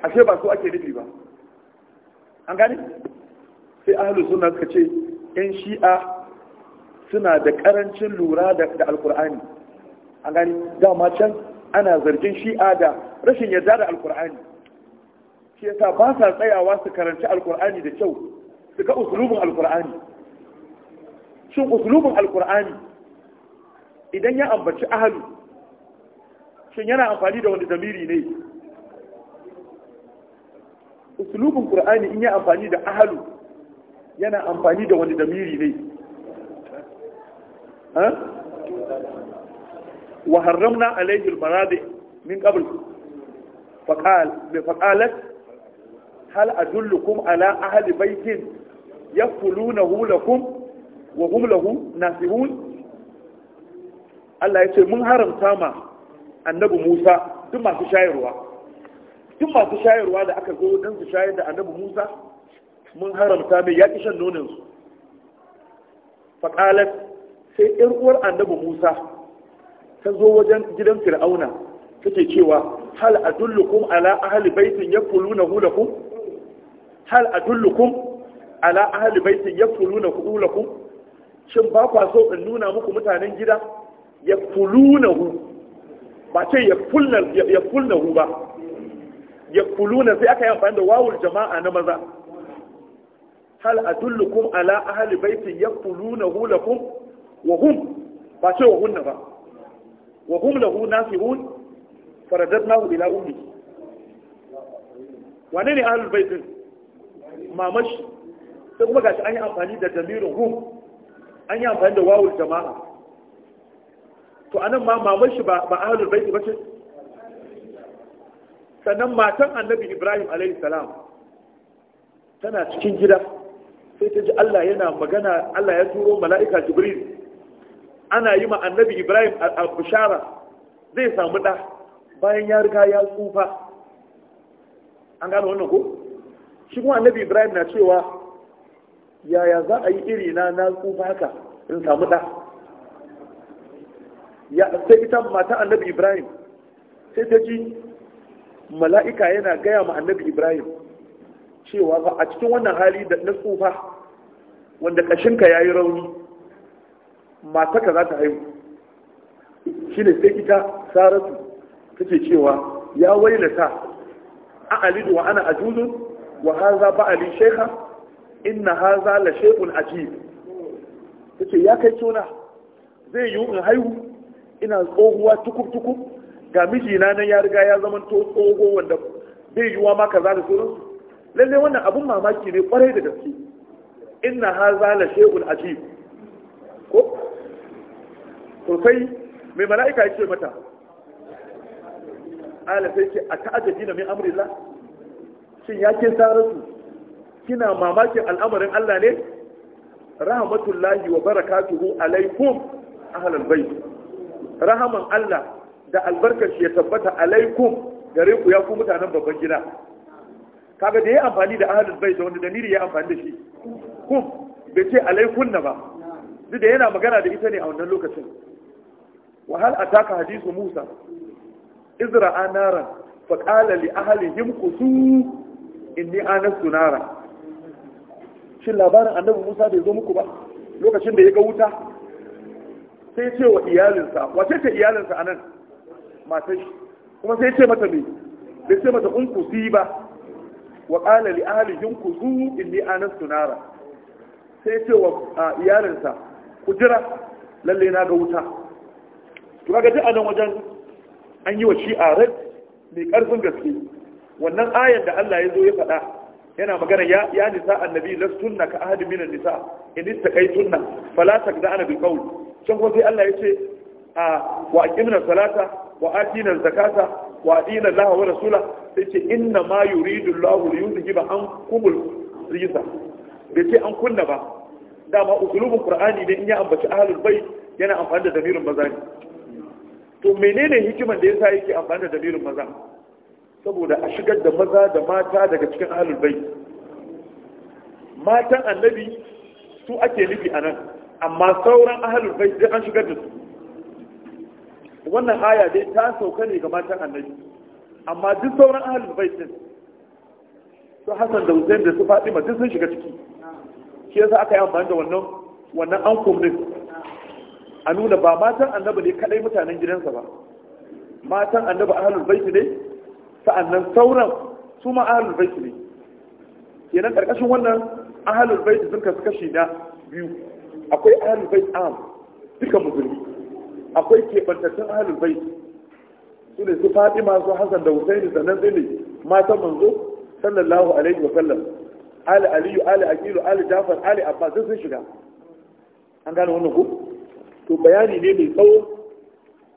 ashe ba su ake nufi ba an gani? sai ahlul sunna suka ce yan shi'a suna da karancin lura da alkur'ani an gani dama can ana zargin shi'a da rashin yarda da alkur'ani shi yasa ba sa tsayawa su karanci alkur'ani da kyau su ka usulubin alkur'ani shin uslubin alkur'ani idan ya ambaci ahalu shin yana amfani da wani zamiri ne uslubin qur'ani in ya amfani da ahalu yana amfani da wani zamiri ne wa harramna alayhi almaradi min qabl faqal bi faqalat hal adullukum ala ahli baytin yaqulunahu lakum wa hum lahum nasihun Allah ya ce mun haramta ma annabi Musa duk masu shayarwa duk masu shayarwa da aka zo don su shayar da annabi Musa mun haramta mai yaƙi shan nonin su faƙalat sai ƴar uwar annabi Musa ta zo wajen gidan Fir'auna take cewa hal adullukum ala ahli baitin yaqulunahu lakum hal adullukum ala ahli baitin yaqulunahu lakum shin ba kwa so in nuna muku mutanen gida ya hu. ba ce ya hu ba ya na sai aka yi amfani da wawul jama'a na maza hal adullukum ala ahli baitin hu lakum wa hum ba ce wa hunna ba wa hum lahu nasihun nahu ila ummi wane ne ahlul baitin mamashi sai kuma gashi an yi amfani da damirin hum an yi amfani da wawul jama'a to anan ma mamar shi ba ahalul baiti ba ce sannan matan annabi ibrahim alaihi salam tana cikin gida sai ta ji Allah yana magana Allah ya turo mala'ika jibril ana yi ma annabi ibrahim al-bishara zai samu ɗa bayan ya riga ya tsufa an gano wannan ko shi kuma annabi ibrahim na cewa yaya za a yi iri na na tsufa haka in samu ɗa ya sai ita mata annabi ibrahim sai ta ji mala'ika yana gaya ma annabi ibrahim cewa ba a cikin wannan hali da na tsufa wanda ƙashinka ya yi rauni mataka za ta haihu shi ne sai ita saratu ce cewa ya wailata a alidu wa ana ajuzun wa haza ba ali shekha inna haza la shay'un ajib tace ya kai tona zai yi in haihu ina tsohuwa tukub ga mijina nan ya riga ya zama to tsoho wanda bai yiwa ma kaza da sauransu lalle wannan abun mamaki ne kwarai da gaske inna haza la shay'un ajib ko to mai mala'ika ya ce mata ala sai ce a ta'ajabi na min amrillah shin ya ke sararsu kina mamakin al'amarin Allah ne rahmatullahi wa barakatuhu alaikum ahlal bait rahaman Allah da albarkar shi ya tabbata alaikum gare ku ya ku mutanen babban gida kaga da ya amfani da ahlal bait wanda damiri ya amfani da shi kum bai ce alaikum na ba duk da yana magana da ita ne a wannan lokacin wahal ataka hadisu musa izra'a naran faqala li ahlihim qusu inni Anas naran shin labarin annabi musa bai zo muku ba lokacin da ya ga wuta sai ce wa iyalinsa wace ce iyalinsa a nan matan shi kuma sai ce mata mai bai ce mata ku si ba wa kala li ku zu inni anastu nara sai ce wa iyalinsa ku jira lalle na ga wuta to kaga duk nan wajen an yi wa shi'a rad mai karfin gaske wannan ayar da Allah ya zo ya faɗa yana magana ya ya nisa annabi sunna ka ahad min nisa in sunna fala ana bil qawl can kuma sai Allah ya ce a wa aqimna salata wa atina zakata wa atina Allah wa rasula sai ce inna ma yuridu Allah li an kubul rijsa bai ce an kunna ba dama usulubul qur'ani ne in ya ambaci ahlul bait yana amfani da damirin maza ne to menene hikiman da yasa yake amfani da damirin maza saboda a shigar da maza da mata daga cikin ahlul bai matan annabi su ake nufi a nan amma sauran ahlul bai an shigar da su wannan haya dai ta sauka ne ga matan annabi amma duk sauran ahlul bai din su Hassan da Hussein da su faɗi duk sun shiga ciki shi yasa aka yi amfani da wannan wannan ankum a nuna ba matan annabi ne kadai mutanen gidansa ba matan annabi ahlul su ne sa'annan sauran su ma ahalul baiti ne yanar ƙarƙashin wannan ahalul baiti sun kasu kashi na biyu akwai ahalul baiti am duka musulmi akwai kebantattun ahalul baiti su ne su Faɗi masu Hassan da Husaini sannan sai ne matan manzo sallallahu alaihi wa sallam ali aliyu ali akilu ali jafar ali abbas sun shiga an gane wannan ku to bayani ne mai tsawo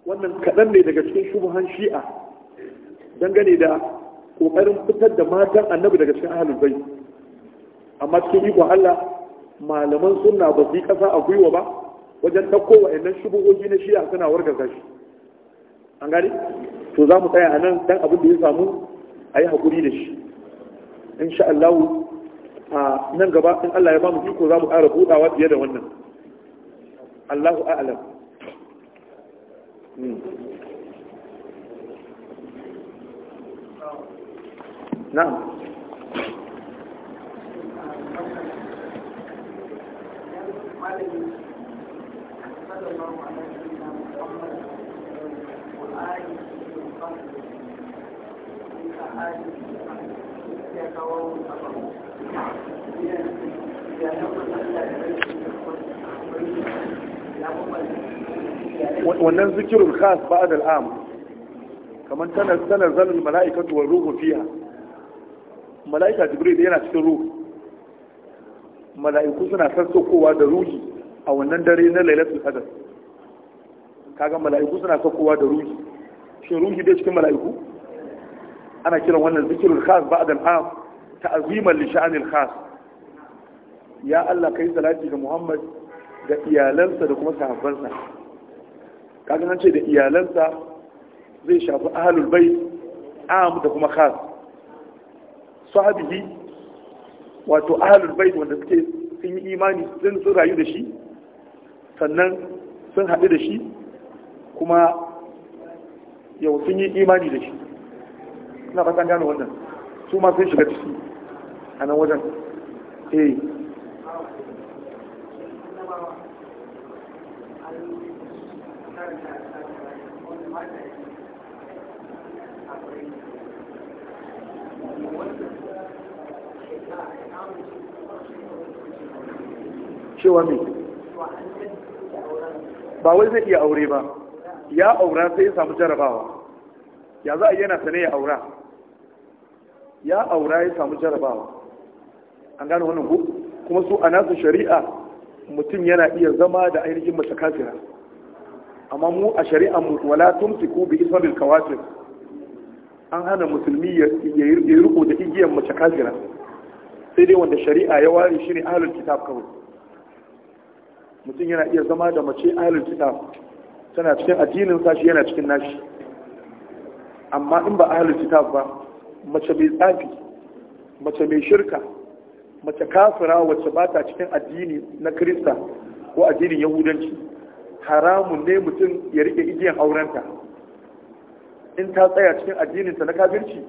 wannan kaɗan ne daga cikin shubuhan shi'a dangane da kokarin fitar da matan annabi daga cikin ahalin bai amma cikin iko Allah malaman suna ba su yi kasa a gwiwa ba wajen ɗauko wa'annan shubuhohi na shiya suna warga shi an gani to za mu tsaya a nan dan abin da ya samu a yi haƙuri da shi insha Allah a nan gaba in Allah ya ba mu iko za mu ƙara buɗawa fiye da wannan Allahu a'lam hmm. na'am wannan zikirul khas bada al'am kaman tana tana zalul mala'ikatu wa ruhu fiha mala'ika jibril yana cikin ruhu mala'iku suna sassokowa da ruhi a wannan dare na lailatul qadr kaga mala'iku suna sassokowa da ruhi shin ruhi dai cikin mala'iku ana kiran wannan zikirul khas ba'da al-am ta'ziman li sha'anil khas ya Allah kai salati ga Muhammad da iyalansa da kuma sahabbansa kaga nan ce da iyalansa zai shafi ahlul bait am da kuma khas sahabihi wato ahlul bait wanda suke sun yi imani sun sun rayu da shi sannan sun haɗu da shi kuma yau sun yi imani da shi ina fatan gano wannan su ma sun shiga ciki a nan wajen eh Thank you. cewa mai ba wai zai iya aure ba ya aura sai ya samu jarabawa ya za a yana sane ya aura ya aura ya samu jarabawa an gano wannan ku kuma su a nasu shari'a mutum yana iya zama da ainihin mace kafira amma mu a shari'a mu wala tumsiku bi ismabil kawace. an hana musulmi ya yi riko da igiyar mace kafira sai dai wanda shari'a ya ware shi ne ahlul kitab kawai mutum yana iya zama da mace ahlul kitab tana cikin addinin sa shi yana cikin nashi amma in ba ahlul kitab ba mace mai tsafi mace mai shirka mace kafira wacce ba ta cikin addini na kirista ko addinin yahudanci haramun ne mutum ya rike igiyan aurenta in ta tsaya cikin addininta na kafirci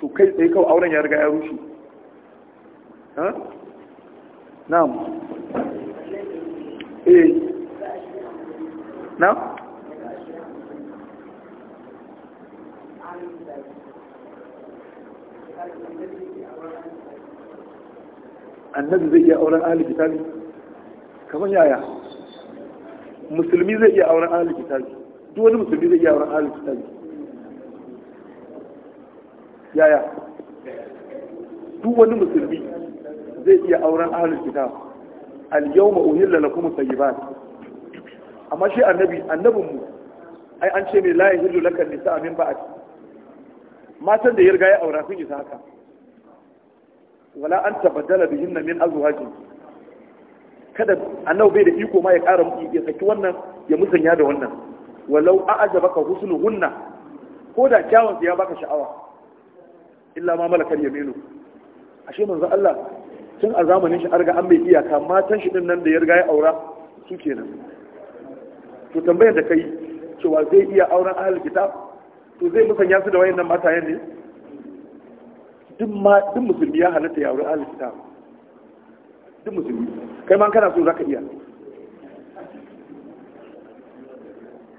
to kai tsaye kawai auren ya riga ya rushe eh annabi zai iya auren ahli kitabi kamar yaya musulmi zai iya auren ahli kitabi duk wani musulmi zai iya auren ahli kitabi yaya duk wani musulmi zai iya auren ahli kitabi al-yawma uhilla lakum at-tayyibat amma shi annabi annabin mu ai an ce ne la yahillu laka nisa min ba'd matan da ya riga ya aura sun isa haka wala an tabaddala bihinna min azwaji kada annabi bai da iko ma ya ƙara ya saki wannan ya musanya da wannan walau a'jabaka husnuhunna ko da kyawun ya baka sha'awa illa ma malakar yaminu ashe manzo Allah tun a zamanin shi arga an mai iyaka matan shi din nan da ya riga ya aura su kenan to tambayar da kai cewa zai iya auren ahal kitab to zai musanya su da wayannan matayen ne duk ma duk musulmi ya halatta ya aure ahal kitab duk musulmi kai ma kana so zaka iya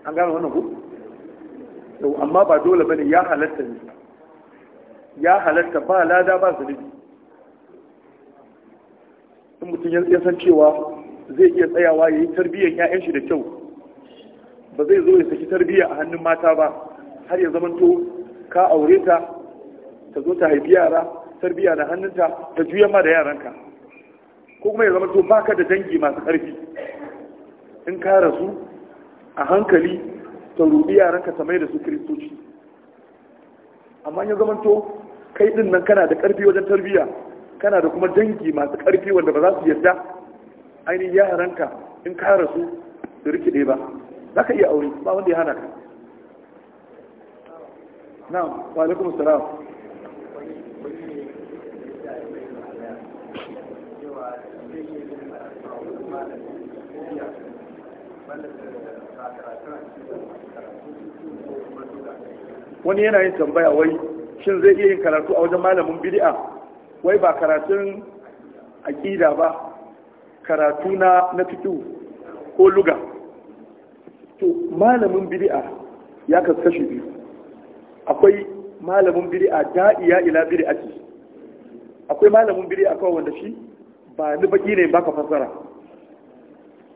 an gano wannan ku to amma ba dole bane ya halatta ne ya halatta ba lada ba zunubi in mutum ya san cewa zai iya tsayawa ya yi tarbiyyar 'ya'yan shi da kyau ba zai zo ya saki tarbiyya a hannun mata ba har ya zamanto ka aure ta ta zo ta haifi yara tarbiyya da hannunta ta juya ma da yaranka ko kuma ya zamanto baka da dangi masu ƙarfi in ka rasu a hankali ta rubi yaranka ta mai da su kiristoci amma ya zamanto kai din nan kana da ƙarfi wajen tarbiyya kana da kuma dangi masu ƙarfi wanda ba za su yarda ainihin yaranka in kara su su rikide ba za ka iya aure ba wanda ya hana ka na wa alaikum salam wani yana yin tambaya wai shin zai iya yin karatu a wajen malamin bidi'a wai ba karatun aƙida ba karatu na na fito ko luga to malamin biri'a ya kaskashi biyu akwai malamin bid'a da'iya ila bid'ati akwai malamin biri'a kawai wanda shi ba ni baki ne baka fassara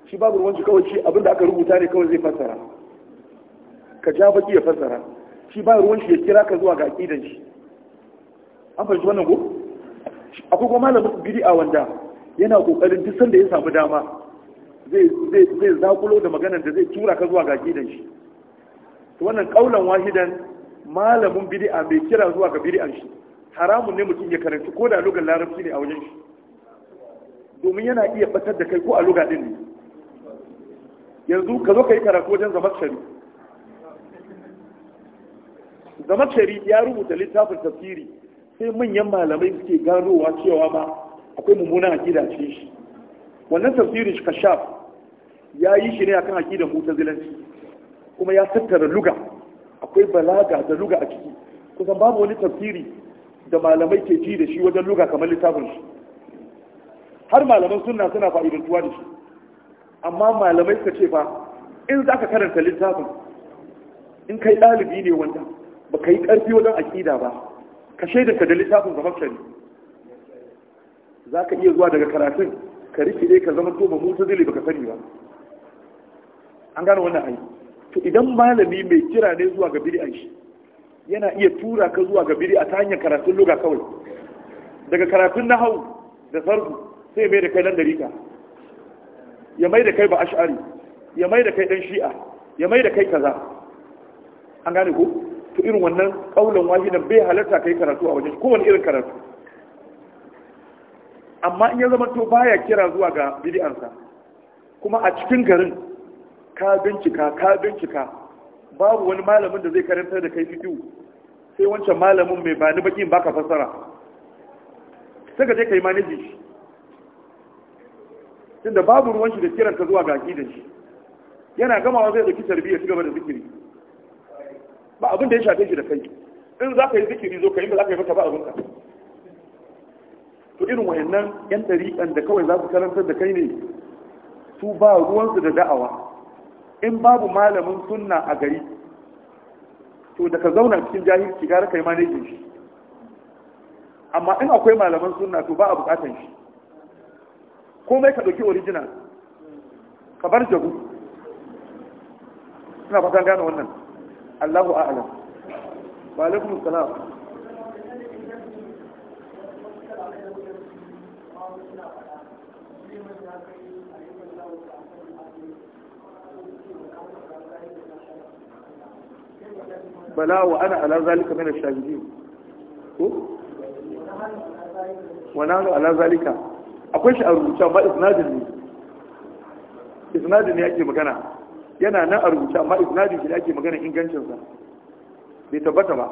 shi babu ruwan shi kawai shi abinda aka rubuta ne kawai zai fassara ka ja baki ya fassara shi ba ruwan shi ya kira ka zuwa ga aƙidan shi an fahimci wannan ko akwai kuma malamin a wanda yana kokarin duk sanda ya samu dama zai zai zai zakulo da maganar da zai tura ka zuwa ga gidan shi to wannan kaulan wahidan malamin bid'a bai kira zuwa ga bid'an shi haramun ne mutum ya karanci ko da lugar larabci ne a wajen shi domin yana iya batar da kai ko a lugar din ne yanzu ka zo ka yi karatu wajen zama shari zama shari ya rubuta littafin tafsiri sai manyan malamai suke ganowa cewa ma akwai mummunan akida cikin shi wannan tafsirin kashaf ya yi shi ne akan akidar mutazilanci kuma ya tattara luga akwai balaga da luga a ciki kusan babu wani tafsiri da malamai ke ji da shi wajen luga kamar littafin shi har malaman sunna suna fa'idantuwa da shi amma malamai suka ce fa in za ka karanta littafin in kai ɗalibi ne wanda ba ka yi ƙarfi wajen aƙida ba ka shaida ka da littafin gaban za ka iya zuwa daga karatun ka ne ka zama to ba mutu zili baka sani ba an gano wannan hanyar to idan malami mai kira ne zuwa ga bid'a shi yana iya tura ka zuwa ga a ta hanyar karatun loga kawai daga karatun hau da Sarku sai mai da kai nan dariƙa ya mai da kai ba ash'ari ya mai da kai dan shi'a ya mai da kai kaza an gane ko to irin wannan kaulan wahidan bai halarta kai karatu a wajen kowane irin karatu amma in ya zama to baya kira zuwa ga bid'ansa kuma a cikin garin ka bincika ka bincika babu wani malamin da zai karantar da kai fiqh sai wancan malamin mai bani bakin baka fassara sai ka je kai manage shi tunda babu ruwan shi da kiranta zuwa ga aqidar shi yana gamawa zai dauki tarbiyya ci gaba da zikiri ba abin da ya shafe shi da kai in za ka yi zikiri zo ka yi ba za ka yi maka ba ka. to irin wayannan yan dariƙan da kawai za su karantar da kai ne su ba ruwansu da da'awa in babu malamin sunna a gari to da ka zauna cikin jahilci gara kai yi shi amma in akwai malaman sunna to ba a bukatan shi komai ka ɗauki original ka bar jagu ina fatan gane wannan Allahu a'lam wa alaikum assalam bala wa ala zalika min ash-shahidin ala zalika akwai shi a rubuce ne ake magana yana nan a rubuta, amma isnadin shi da ake magana ingancinsa bai tabbata ba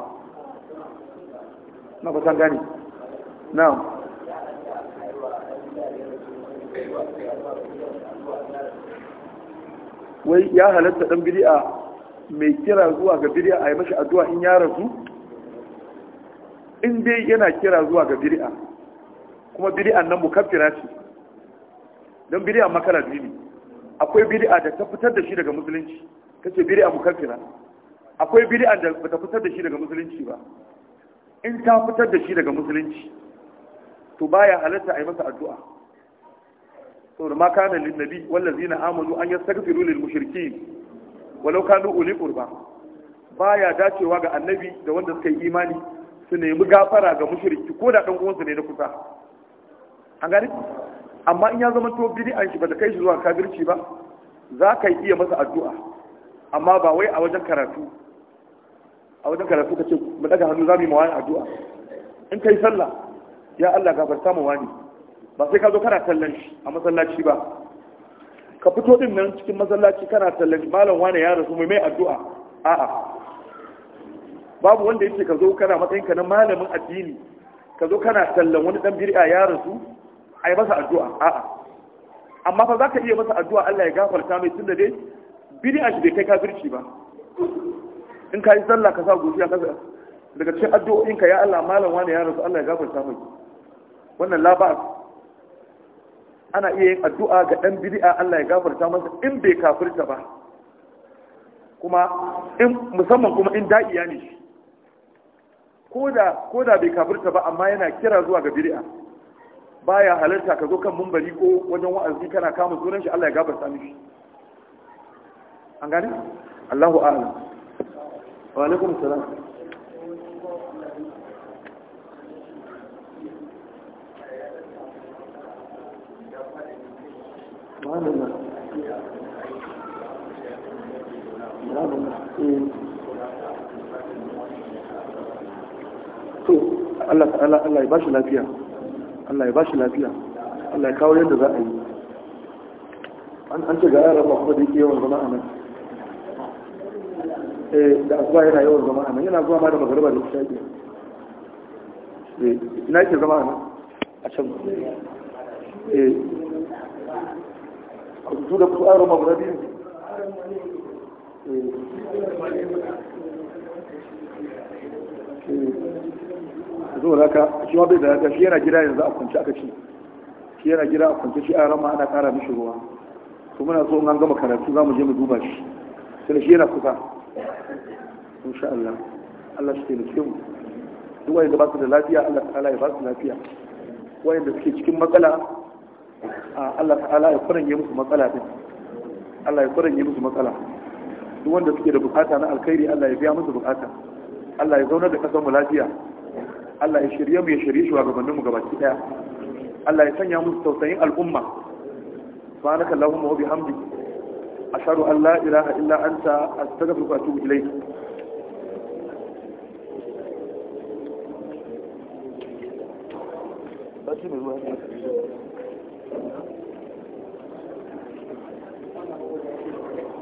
na kusan gane na wai ya halatta dan bid'a mai kira zuwa ga bid'a a yi mashi addu'a in ya rasu in dai yana kira zuwa ga bid'a kuma bid'an nan mukaffira ce don bid'a makala biyu akwai bid'a da ta fitar da shi daga musulunci kace bid'a mukaffira akwai bid'a da ba ta fitar da shi daga musulunci ba in ta fitar da shi daga musulunci to baya halatta a yi masa addu'a saboda ma kana lin nabi wallazina amanu an yastaghfiru lil mushrikeen walau kanu uli qurba baya dacewa ga annabi da wanda suka yi imani su nemi gafara ga mushriki ko da dan uwansa ne na kusa an gani amma in ya zama to an shi ba ta kai shi zuwa kabirci ba za ka iya masa addu'a amma ba wai a wajen karatu a wajen karatu ka ce mu daga hannu za mu yi mawa addu'a in kai sallah ya Allah gafarta mu wani ba sai ka zo kana tallan shi a masallaci ba ka fito din nan cikin masallaci kana tallan malam wani ya rasu mai mai addu'a a'a babu wanda yake ka zo kana matsayin ka na malamin addini ka zo kana tallan wani dan bir'a ya rasu a yi masa addu'a a'a amma fa za ka iya masa addu'a Allah ya gafarta mai tun da dai bid'a shi bai kai kafirci ba in ka yi sallah ka sa godiya ka daga cikin addu'o'in ka ya Allah malam wani ya rasu Allah ya gafarta mai wannan la ba ana iya yin addu'a ga dan bid'a Allah ya gafarta masa in bai kafirta ba kuma in musamman kuma in da'iya ne shi ko da bai kafirta ba amma yana kira zuwa ga bid'a baya halarta ka zo kan mumbari ko wajen wa'azi kana kama sunan shi Allah ya gafarta mishi an gane Allahu a'lam wa alaikum salam Allah ta'ala Allah ya bashi lafiya Allah ya bashi lafiya Allah ya kawo yadda za a yi an ce ga yaran ba kuma da yake yawan zama a nan eh, da asuba yana yawan zama a nan yana zuwa ma da magariba da shaƙi eh, ina ke zama a nan a can eh su da su aron magura biyu eh, eh. saboda haka shi ma bai da lafiya shi yana gida yanzu a kwance aka ci shi yana gida a kwance shi a rama ana kara mishi ruwa to muna so an gama karatu za mu je mu duba shi sai shi yana kusa insha Allah Allah shi taimake mu duk wanda ba su da lafiya Allah ta'ala ya ba su lafiya wanda suke cikin matsala Allah ta'ala ya faranye musu matsala din Allah ya faranye musu matsala duk wanda suke da bukata na alkhairi Allah ya biya musu bukata Allah ya zauna da kasar mu lafiya Allah ya shirye mu ya shirye shi wa gabanin mu gabaki daya Allah ya sanya musu tausayin al'umma subhanaka allahumma wa bihamdi ashhadu an la ilaha illa anta astaghfiruka wa atubu ilayk Thank you.